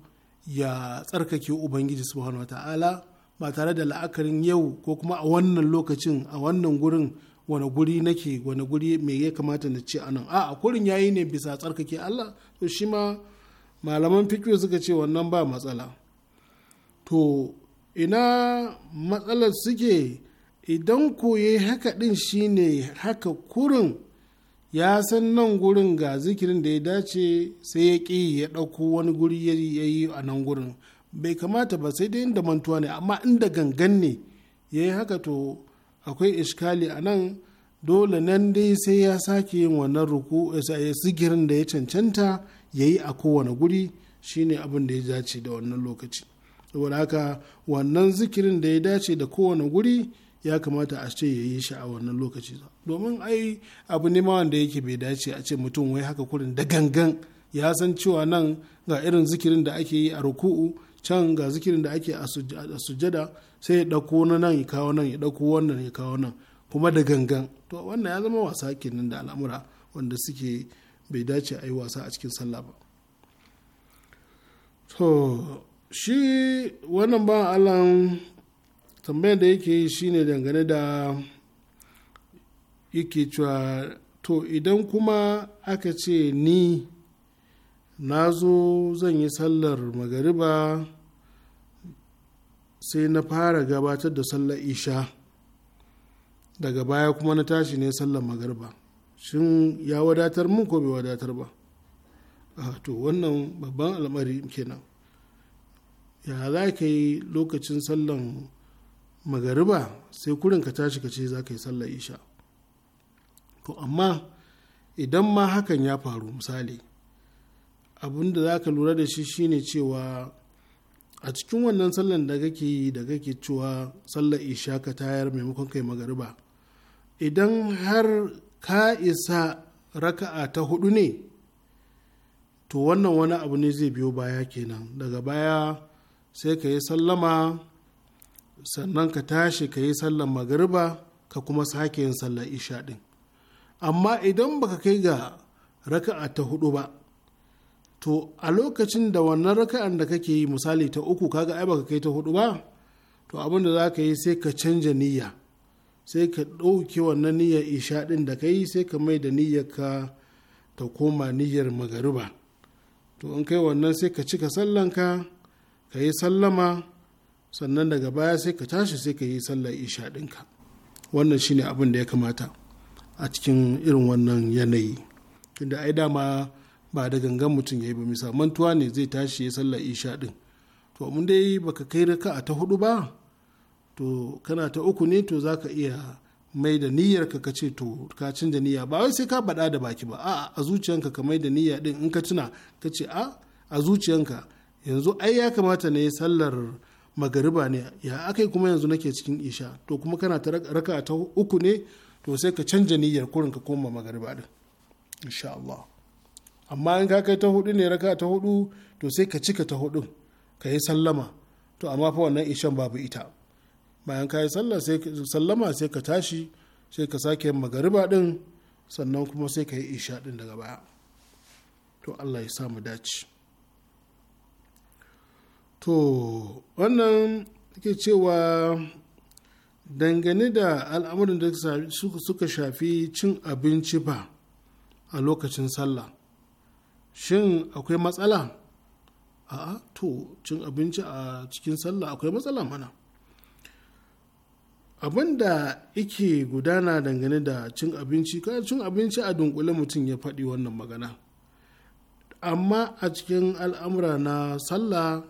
ya tsarkake ubangiji subhanahu wa ta'ala ba tare da la'akarin yau ko kuma a wannan lokacin a wannan gurin wani guri nake wani guri me ya kamata na ce anan a kurin yayi ne bisa tsarkake Allah to shi ma malaman fikiyo suka ce wannan ba matsala to ina matsalar suke idan yi haka din shi ne haka kurin ya san nan gurin ga zikirin da ya dace sai ya ƙi ya ɗauko wani guri ya yi a nan gurin bai kamata ba sai dai inda mantuwa ne amma inda gangan ne ya yi haka to akwai iskali a nan dole nan dai sai ya sake yin wannan ruku zikirin da ya cancanta ya yi a kowane guri shine abin da ya dace da wannan lokaci saboda haka wannan zikirin da ya dace da kowane guri ya kamata a ce ya yi shi a wannan lokaci domin ai abu ne ma wanda yake bai dace a ce mutum wai haka kurin da gangan ya san cewa nan ga irin zikirin da ake yi a ruku'u can ga zikirin da ake a sujada sai ya ɗauko na nan ya kawo nan ya ɗauko wannan ya kawo nan kuma da gangan to wannan ya zama wasa kenan da al'amura wanda suke bai dace a yi wasa a cikin sallah ba to shi wannan ba alan tambayar da yake yi shine dangane da yake cewa to idan kuma aka ce ni na zo zan yi sallar magariba sai na fara gabatar da sallar isha daga baya kuma na tashi ne sallar magarba shin ya wadatar mun ko bai wadatar ba a ah, to wannan babban al'amari kenan ya za ka yi lokacin Sallar magariba sai kurin ka tashi ka ce za ka yi sallar isha to amma idan ma hakan ya faru misali abinda da za ka lura da shi shine cewa a cikin wannan sallan da kake yi da kake cewa sallar isha ka tayar maimakon kai magariba idan har ka isa raka'a ta hudu ne to wannan wani abu ne zai biyo baya kenan daga baya sai ka yi sallama sannan ka tashi ka yi sallar magariba ka kuma sake yin sallar isha din amma idan baka kai ga raka'a ta hudu ba to a lokacin da wannan raka'an da kake yi misali ta uku kaga ai baka kai ta hudu ba to abin da za ka yi sai ka canja niyya sai ka ɗauke wannan niyyar isha ɗin da ka yi sai ka mai da niyyar ka ta koma niyyar magariba to in kai wannan sai ka cika sallanka ka yi sallama sannan daga baya sai ka tashi sai ka yi sallar isha ɗinka wannan shine abin da ya kamata a cikin irin wannan yanayi tunda ai dama ba da gangan mutum ya yi ba misa mantuwa ne zai tashi ya sallar isha din to mun dai baka kai raka a ta hudu ba to kana ta uku ne to zaka iya mai da niyyar ka kace to ka canza niyya ba wai sai ka bada da baki ba a'a a zuciyanka ka mai da niyya din in ka tuna ka a a zuciyanka yanzu ai ya kamata ne sallar magariba ne ya akai kuma yanzu nake cikin isha to kuma kana ta raka ta uku ne to sai ka canja niyyar kurin ka koma magariba din insha Allah amma in ka kai ta hudu ne raka ta hudu to sai ka cika ta hudun ka yi sallama to amma fa wannan ishan babu ita bayan ka yi sallama sai ka tashi sai ka sake magariba din sannan kuma sai ka yi isha din daga baya to allah ya samu dace to wannan ke cewa dangane da al'amuran da suka shafi cin abinci ba a lokacin sallah shin akwai matsala a to cin abinci a cikin sallah akwai matsala mana abin da yake gudana dangane da cin abinci ka cin abinci a dunkule mutum ya faɗi wannan magana amma a cikin al'amura na sallah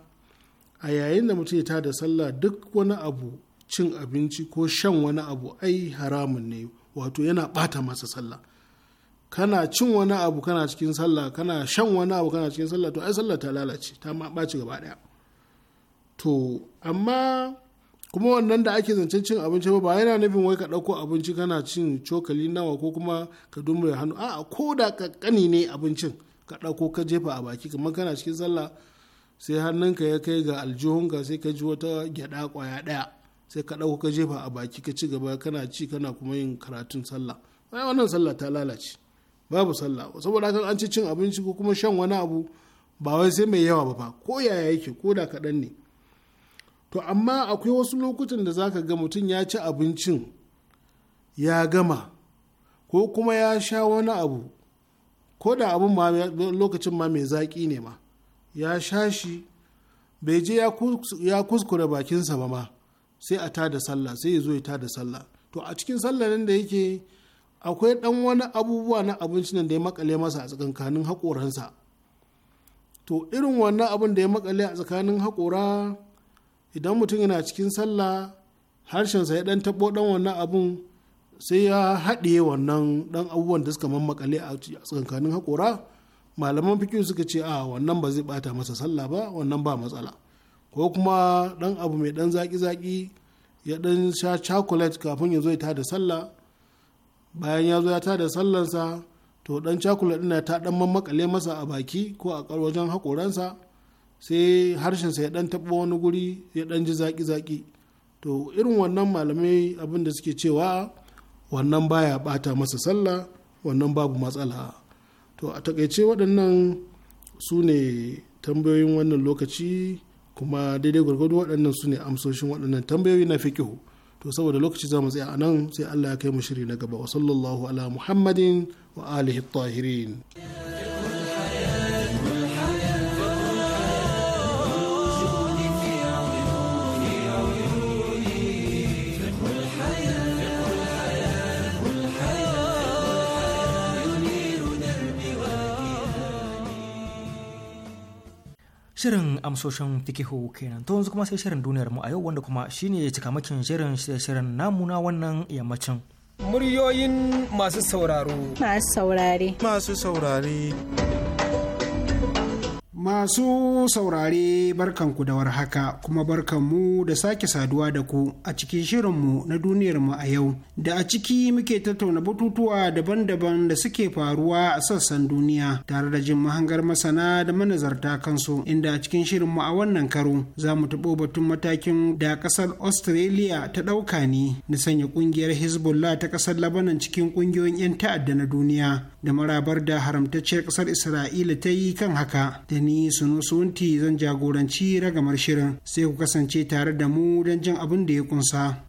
a yayin da mutum ya da sallah duk wani abu cin abinci ko shan wani abu ai haramun ne wato yana ɓata masa sallah kana cin wani abu kana cikin sallah kana shan wani abu kana cikin sallah to ai sallah ta lalace ta ma ɓaci gaba ɗaya to amma kuma wannan da ake zancen cin abinci ba yana nufin wai ka ɗauko abinci kana cin cokali nawa ko kuma ka dumbura hannu a'a ko da kakkani ne abincin ka ɗauko ka jefa a baki kamar kana cikin sallah sai hannunka ya kai ga aljihunka sai ka ji wata gyaɗa kwaya ɗaya sai ka ɗauko ka jefa a baki ka ci gaba kana ci kana kuma yin karatun sallah wannan sallah ta lalace babu sallah saboda haka an ci cin abinci ko kuma shan wani abu ba wai sai mai yawa ba fa ko yaya yake ko da kaɗan ne to amma akwai wasu lokutan da zaka ga mutum ya ci abincin ya gama ko kuma ya sha wani abu ko da abin ma lokacin ma mai zaƙi ne ma ya sha shi bai je ya kuskure bakinsa ba ma sai a tada sallah sai ya zo ya tada sallah to a cikin sallah nan da yake akwai ɗan wani abubuwa na nan da ya makale masa a tsakankanin haƙoransa to irin wannan abin da ya makale a tsakanin haƙora idan mutum yana cikin sallah harshensa ya ɗan tabo ɗan wannan abin sai ya haɗiye wannan ɗan abubuwan da suka mammakale a tsakankanin haƙora malaman fikin suka ce a wannan ba zai bata masa sallah ba wannan ba matsala ko kuma ɗan abu mai ɗan zaki zaƙi ya ɗan sha cakulet kafin ya zo ya tada sallah bayan ya zo ya tada sallansa to dan cakula ɗin ta dan mamakale masa a baki ko a wajen haƙoransa sai harshensa ya dan taɓa wani guri ya dan ji zaƙi-zaƙi to irin wannan malamai abin da suke cewa wannan baya bata masa sallah wannan babu matsala to a takaice waɗannan su ne tambayoyin wannan lokaci kuma daidai gwargwado waɗannan su ne amsoshin waɗannan tambayoyi na fikihu. to saboda lokaci za mu tsaya a nan sai Allah ya kai mu shiri na gaba wa sallallahu ala muhammadin wa alihi tahirin Shirin amsoshin fikihu kenan to yanzu kuma sai shirin duniyar mu a yau wanda kuma shine cikamakin shirin shirin namuna wannan yammacin. Muryoyin masu sauraro. Masu saurare. Masu saurare. Masu saurare barkanku da warhaka kuma barkanmu da sake saduwa da ku a cikin shirinmu na duniyarmu a yau da a ciki muke tattauna batutuwa daban-daban da suke faruwa a sassan duniya tare da jin mahangar masana da manazarta kansu inda a cikin shirinmu a wannan karo za mu taɓo batun matakin da ƙasar Australia ta ɗauka ne na sanya ƙungiyar Hezbollah ta ƙasar Labanan cikin ƙungiyoyin 'yan ta'adda na duniya. da marabar da haramtacciyar ƙasar isra'ila ta yi kan haka da ni suno sunti zan jagoranci ragamar shirin sai ku kasance tare da mu don jin abin da ya kunsa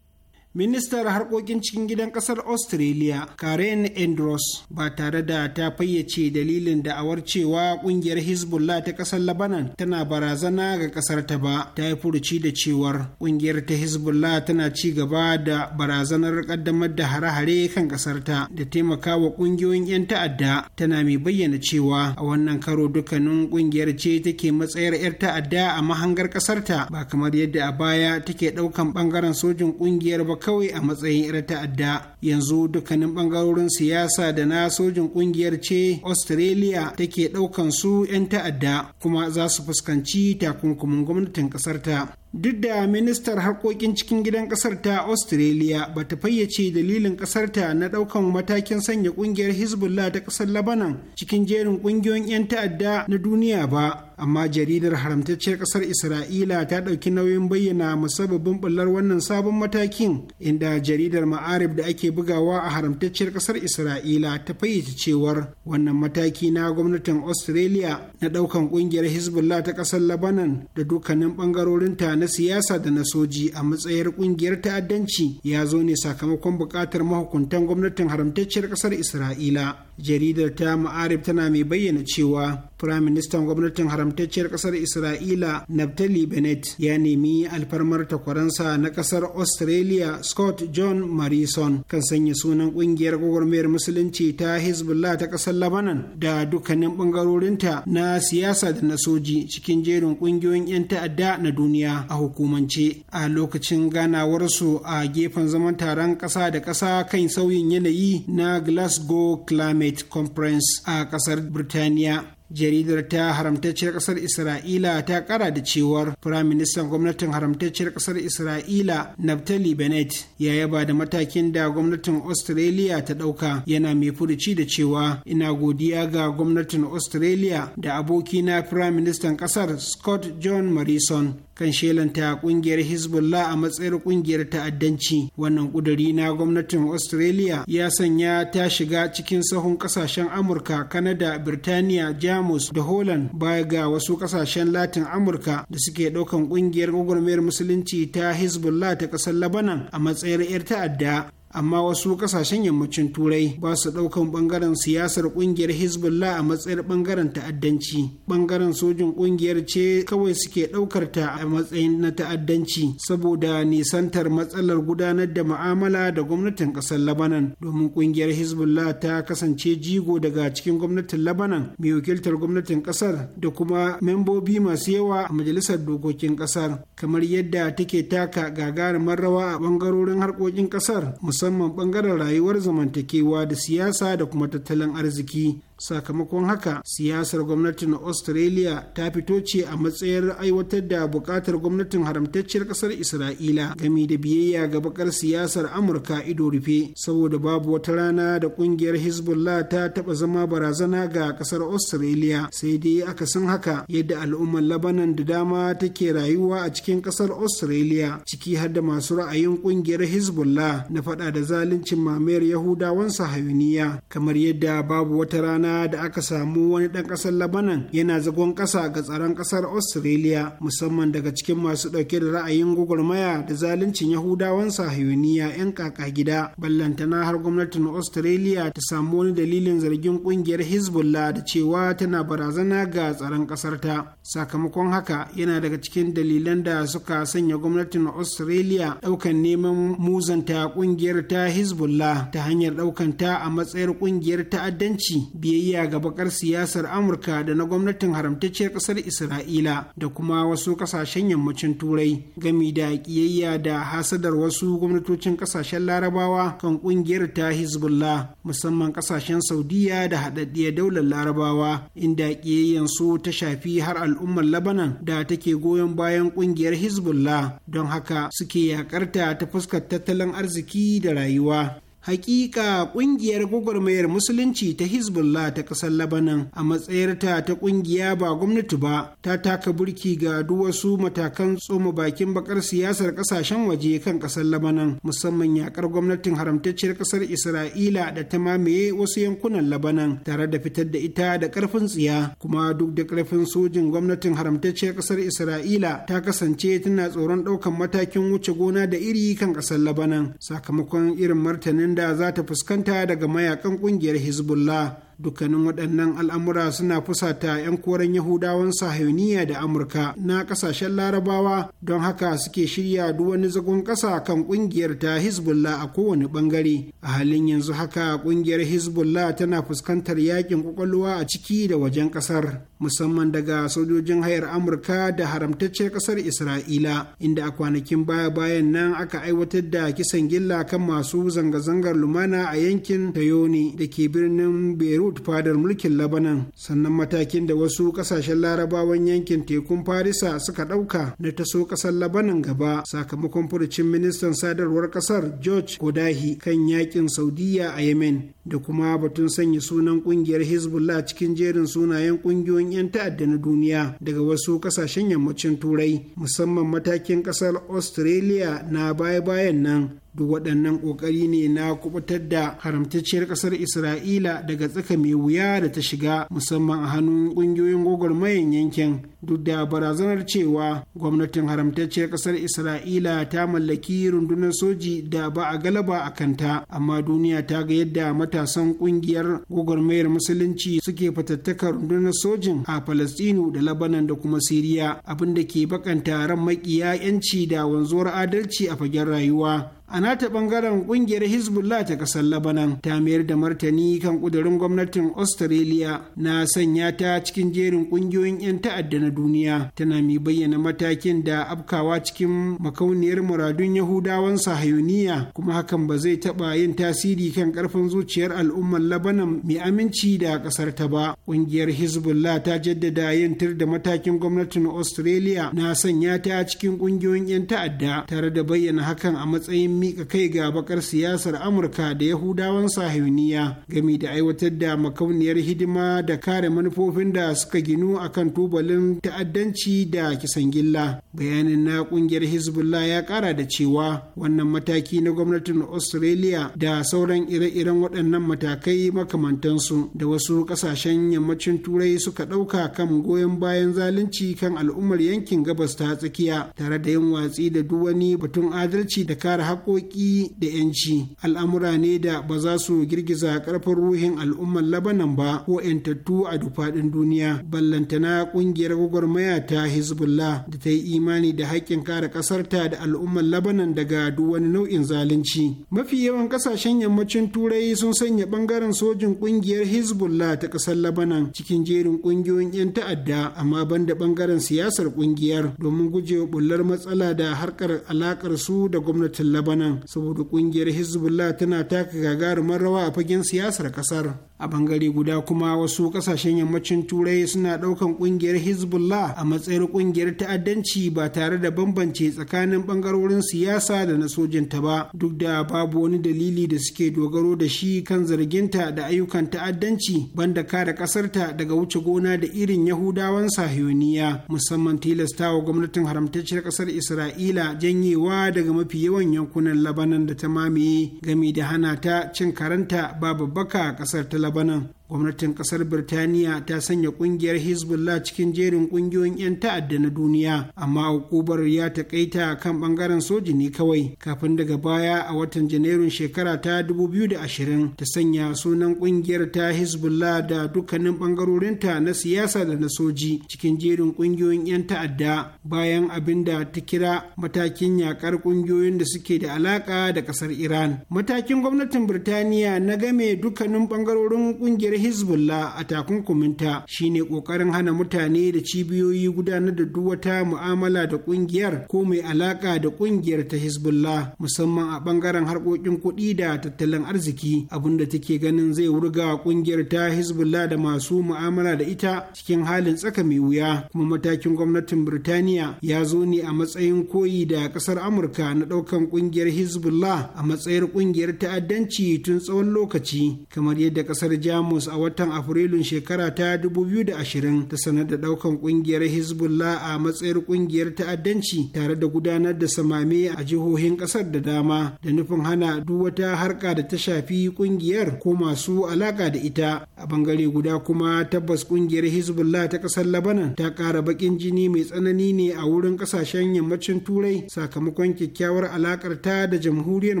ministar harkokin cikin gidan kasar australia karen andros ba tare da ta fayyace dalilin da'awar cewa kungiyar hezbollah ta kasar labanan tana barazana ga kasar ta ba ta yi furuci da cewar kungiyar ta hezbollah tana ci gaba da barazanar kaddamar da hare-hare kan kasar ta da taimakawa kungiyoyin 'yan ta'adda tana mai bayyana cewa a wannan karo dukkanin kungiyar ce take matsayar 'yar ta'adda a mahangar kasar ta ba kamar yadda a baya take ɗaukan ɓangaren sojin kungiyar ba kawai a matsayin 'yar ta'adda yanzu dukkanin bangarorin siyasa da na sojin kungiyar ce australia take daukan su 'yan ta'adda kuma za su fuskanci takunkumin gwamnatin kasar ta duk da ministar harkokin cikin gidan kasar ta australia ba ta fayyace dalilin kasar ta na daukan matakin sanya kungiyar hezbollah ta kasar labanan cikin jerin kungiyoyin 'yan ta'adda na duniya ba amma jaridar haramtacciyar kasar isra'ila ta ɗauki nauyin bayyana musabbabin bullar wannan sabon matakin inda jaridar ma'arib da ake bugawa a haramtacciyar kasar isra'ila ta fayyace cewar wannan mataki na gwamnatin australia na daukan kungiyar hezbollah ta kasar labanan da dukkanin bangarorin bangarorinta na siyasa da na soji a matsayar kungiyar ta'addanci ya zo ne sakamakon buƙatar mahukuntan gwamnatin haramtacciyar ƙasar Isra'ila jaridar ta ma'arif tana mai bayyana cewa firaministan gwamnatin haramtacciyar kasar isra'ila naftali bennett ya nemi alfarmar takwaransa na kasar australia scott john Marison, kan sanya sunan kungiyar gwagwarmayar musulunci ta hezbollah ta kasar labanan da dukkanin bangarorinta na siyasa da na soji cikin jerin kungiyoyin 'yan ta'adda na duniya a hukumance a lokacin ganawarsu a gefen zaman taron kasa da kasa kan sauyin yanayi na glasgow climate State Conference a ƙasar Birtaniya. jaridar ta haramtacciyar kasar isra'ila ta kara da cewar firaministan gwamnatin haramtacciyar kasar isra'ila naftali bennett ya yaba da matakin da gwamnatin australia ta ɗauka, yana mai furuci da cewa ina godiya ga gwamnatin australia da abokina firaministan kasar scott john morrison kan shelanta kungiyar hezbollah a matsayin kungiyar ta'addanci wannan kuduri na gwamnatin australia ya sanya ta shiga cikin sahun kasashen amurka kanada birtaniya jamus da holland baya ga wasu kasashen latin amurka da suke ɗaukan kungiyar gwagwarmayar musulunci ta hezbollah ta kasar labanan a matsayin 'yar ta'adda amma wasu kasashen yammacin turai ba su daukan bangaren siyasar kungiyar hezbollah a matsayin bangaren ta'addanci bangaren sojin kungiyar ce kawai suke daukar ta a matsayin na ta'addanci saboda nisantar matsalar gudanar da ma'amala da gwamnatin kasar labanan domin kungiyar hezbollah ta kasance jigo daga cikin gwamnatin labanan mai wakiltar gwamnatin kasar da kuma membobi masu yawa a majalisar dokokin kasar kamar yadda take taka gagarumar rawa a bangarorin harkokin kasar musamman bangaren rayuwar zamantakewa da siyasa da kuma tattalin arziki sakamakon haka siyasar gwamnatin australia ta fito ce a matsayar aiwatar da bukatar gwamnatin haramtacciyar kasar isra'ila gami da biyayya ga bakar siyasar amurka ido rufe saboda babu wata rana da kungiyar hezbollah ta taba zama barazana ga kasar australia sai dai aka san haka yadda al'ummar labanan da dama take rayuwa a cikin kasar australia ciki har da masu ra'ayin kungiyar hezbollah na fada da zaluncin mamayar yahudawan sahayuniya kamar yadda babu wata rana da aka samu wani ɗan ƙasar labanan yana zagon ƙasa ga tsaron ƙasar australia musamman daga cikin masu ɗauke da ra'ayin gwagwarmaya da zaluncin yahudawan sahiyoniya 'yan kaka gida ballantana har gwamnatin australia ta samu wani dalilin zargin ƙungiyar hezbollah da cewa tana barazana ga tsaron ƙasar ta sakamakon haka yana daga cikin dalilan da suka sanya gwamnatin australia ɗaukan neman muzanta ƙungiyar ta hezbollah ta hanyar ɗaukan ta a matsayar ƙungiyar ta'addanci biye biyayya ga bakar siyasar amurka da na gwamnatin haramtacciyar ƙasar isra'ila da kuma wasu ƙasashen yammacin turai gami da ƙiyayya da hasadar wasu gwamnatocin ƙasashen larabawa kan ƙungiyar ta hezbollah musamman ƙasashen saudiya da haɗaɗɗiyar daular larabawa inda ƙiyayyan su ta shafi har al'ummar labanan da take goyon bayan ƙungiyar hezbollah don haka suke yakarta ta fuskar tattalin arziki da rayuwa hakika kungiyar gwagwarmayar musulunci ta hezbollah ta kasar labanan a matsayarta ta kungiya ba gwamnati ba ta taka burki ga duk wasu matakan tsoma bakin bakar siyasar ƙasashen waje kan kasar labanan musamman yakar gwamnatin haramtacciyar ƙasar isra'ila da ta mamaye wasu yankunan labanan tare da fitar da ita da ƙarfin tsiya kuma duk da karfin sojin gwamnatin haramtacciyar ƙasar isra'ila ta kasance tana tsoron daukan matakin wuce gona da iri kan kasar labanan sakamakon irin martanin da za ta fuskanta daga mayakan kungiyar hezbollah dukkanin waɗannan al'amura suna fusata 'yan koren yahudawan sahiyoniya da amurka na ƙasashen larabawa don haka suke shirya duk wani zagon ƙasa kan ƙungiyar ta hezbollah a kowane ɓangare a halin yanzu haka ƙungiyar hezbollah tana fuskantar yakin ƙwaƙwalwa a ciki da wajen ƙasar musamman daga sojojin hayar amurka da haramtacciyar ƙasar isra'ila inda a kwanakin baya bayan nan aka aiwatar da kisan gilla kan masu zanga-zangar lumana a yankin tayoni da ke birnin beirut beirut fadar mulkin labanan sannan matakin da wasu kasashen larabawan yankin tekun farisa suka ɗauka na taso ƙasar labanan gaba sakamakon furucin ministan sadarwar ƙasar george kodahi kan yakin saudiya a yemen da kuma batun sanya sunan ƙungiyar hezbollah cikin jerin sunayen ƙungiyoyin 'yan ta'adda na duniya daga wasu ƙasashen yammacin turai musamman matakin ƙasar australia na baya-bayan nan duk waɗannan ƙoƙari ne na kubutar da haramtacciyar ƙasar isra'ila daga tsaka mai wuya da ta shiga musamman a hannun ƙungiyoyin gwagwarmayan yankin duk da barazanar cewa gwamnatin haramtacciyar ƙasar isra'ila ta mallaki rundunar soji da ba a galaba a kanta amma duniya ta ga yadda matasan ƙungiyar gwagwarmayar musulunci suke fatattaka rundunar sojin a falastinu da labanan da kuma siriya abin da ke bakanta ran makiya yanci da wanzuwar adalci a fagen rayuwa a nata bangaren kungiyar hezbollah ta kasar labanan ta mayar da martani kan kudurin gwamnatin australia na sanya ta cikin jerin kungiyoyin 'yan ta'adda na duniya tana mai bayyana matakin da afkawa cikin makauniyar muradun yahudawan sahayuniya kuma hakan ba zai taba yin tasiri kan karfin zuciyar al'ummar labanan mai aminci da kasar ta ba kungiyar hezbollah ta jaddada yin tir da matakin gwamnatin australia na sanya ta cikin kungiyoyin 'yan ta'adda tare da bayyana hakan a matsayin mika kai ga bakar siyasar amurka da yahudawan sahiyuniya gami da aiwatar da makauniyar hidima da kare manufofin da suka ginu a kan tubalin ta'addanci da kisan gilla bayanin na kungiyar hezbollah ya kara da cewa wannan mataki na gwamnatin australia da sauran ire-iren waɗannan matakai makamantansu da wasu ƙasashen yammacin turai suka ɗauka kan goyon bayan zalunci kan al'ummar yankin gabas ta tsakiya tare da yin watsi da duk wani batun adalci da kare haƙƙo haƙoƙi da 'yanci al'amura ne da ba za su girgiza ƙarfin ruhin al'ummar labanan ba ko 'yantattu a dufaɗin duniya ballantana ƙungiyar gwagwarmaya ta hezbollah da ta yi imani da haƙƙin kare ƙasarta da al'ummar labanan daga duk wani nau'in zalunci mafi yawan ƙasashen yammacin turai sun sanya ɓangaren sojin ƙungiyar hezbollah ta ƙasar labanan cikin jerin ƙungiyoyin 'yan ta'adda amma banda ɓangaren siyasar ƙungiyar domin gujewa bullar matsala da harkar alaƙar su da gwamnatin labanan nan saboda kungiyar hezbollah tana taka gagarumar rawa a fagen siyasar kasar a bangare guda kuma wasu kasashen yammacin turai suna daukan kungiyar hezbollah a matsayin kungiyar ta'addanci ba tare da bambance tsakanin bangarorin siyasa da na sojinta ba duk da babu wani dalili da suke dogaro da shi kan zarginta da ayyukan ta'addanci banda kare kasarta daga wuce gona da irin yahudawan sahiyoniya musamman tilastawa gwamnatin haramtacciyar kasar isra'ila janyewa daga mafi yawan yankuna yankunan labanan da ta mamaye gami da hana ta cin karanta babu baka a kasar ta labanan gwamnatin kasar birtaniya ta sanya kungiyar hezbollah cikin jerin kungiyoyin 'yan ta'adda na duniya amma hukubar ya takaita kan bangaren soji ne kawai kafin daga baya a watan janairun shekara ta 2020 ta sanya sunan kungiyar ta hezbollah da dukkanin bangarorinta na siyasa da na soji cikin jerin kungiyoyin 'yan ta'adda bayan abin da ta kira matakin yakar kungiyoyin da suke da alaka da kasar iran matakin gwamnatin birtaniya na game dukkanin bangarorin kungiyar hezbollah a takunkuminta shine kokarin hana mutane da cibiyoyi gudanar da duk wata mu'amala da kungiyar ko mai alaka da kungiyar ta hezbollah musamman a bangaren harkokin kuɗi da tattalin arziki abinda take ganin zai wurga kungiyar ta hezbollah da masu mu'amala da ita cikin halin tsaka mai wuya kuma matakin gwamnatin birtaniya ya zo ne a matsayin koyi da kasar amurka na ɗaukan kungiyar hezbollah a matsayin kungiyar ta'addanci tun tsawon lokaci kamar yadda kasar jamus a watan afrilun shekara ta 2020 ta sanar da daukan kungiyar hezbollah a matsayar kungiyar ta'addanci tare da gudanar da samame a jihohin kasar da dama da nufin hana duk wata harka da ta shafi kungiyar ko masu alaka da ita a bangare guda kuma tabbas kungiyar hezbollah ta kasar labanan ta kara bakin jini mai tsanani ne a wurin kasashen yammacin turai sakamakon kyakkyawar alakar ta da jamhuriyar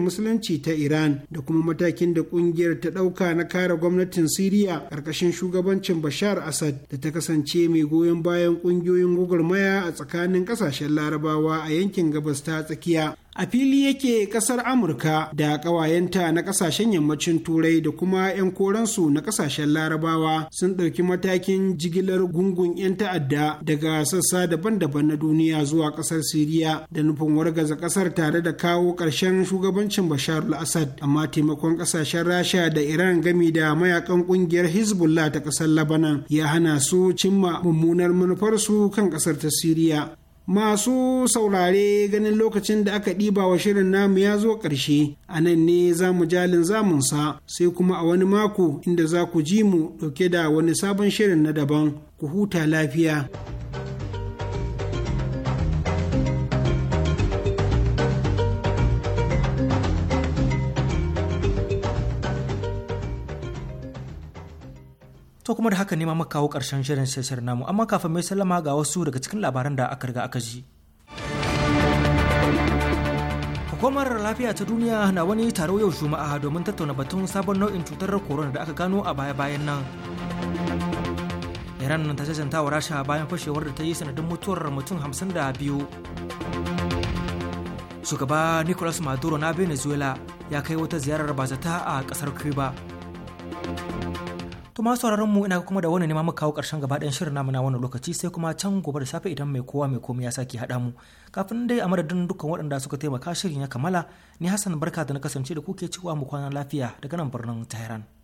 musulunci ta iran da kuma matakin da kungiyar ta dauka na kare gwamnatin siriya siriya ƙarƙashin shugabancin bashar asad da ta kasance mai goyon bayan ƙungiyoyin gwagwarmaya a tsakanin ƙasashen larabawa a yankin gabas ta tsakiya a fili yake kasar amurka da ƙawayenta na ƙasashen yammacin turai da kuma 'yan koransu na ƙasashen larabawa sun ɗauki matakin jigilar gungun 'yan ta'adda daga sassa daban-daban na duniya zuwa ƙasar siriya da nufin wargaza ƙasar tare da kawo ƙarshen shugabancin bashar al-assad amma taimakon ƙasashen rasha da iran gami da mayakan ƙungiyar hezbollah ta ƙasar labanan ya hana su cimma mummunar manufarsu kan ƙasar ta siriya Masu saurare ganin lokacin da aka ɗiba wa shirin namu ya zo ƙarshe, a nan ne za mu jalin zamunsa sai kuma a wani mako inda za ku ji mu ɗauke da wani sabon shirin na daban, ku huta lafiya. To kuma da haka ne ma muka kawo ƙarshen shirin sesar namu amma kafin mai sallama ga wasu daga cikin labaran da aka riga aka ji. Hukumar lafiya ta duniya na wani taro yau Juma'a domin tattauna batun sabon nau'in cutar corona da aka gano a baya-bayan nan. Iran ta jajanta wa Rasha bayan fashewar da ta yi sanadin mutuwar mutum hamsin da biyu. shugaba nicolas maduro na venezuela ya kai wata ziyarar bazata a kasar cuba To masu sauraron mu ina kuma da wani ne ma muka kawo karshen gaba ɗayan shirin namu na wannan lokaci sai kuma can gobe da safe idan mai kowa mai komi ya sake haɗa mu. Kafin dai a madadin dukkan waɗanda suka taimaka shirin ya kamala ni Hassan barka da na kasance da kuke cewa mu kwana lafiya daga nan birnin Tehran.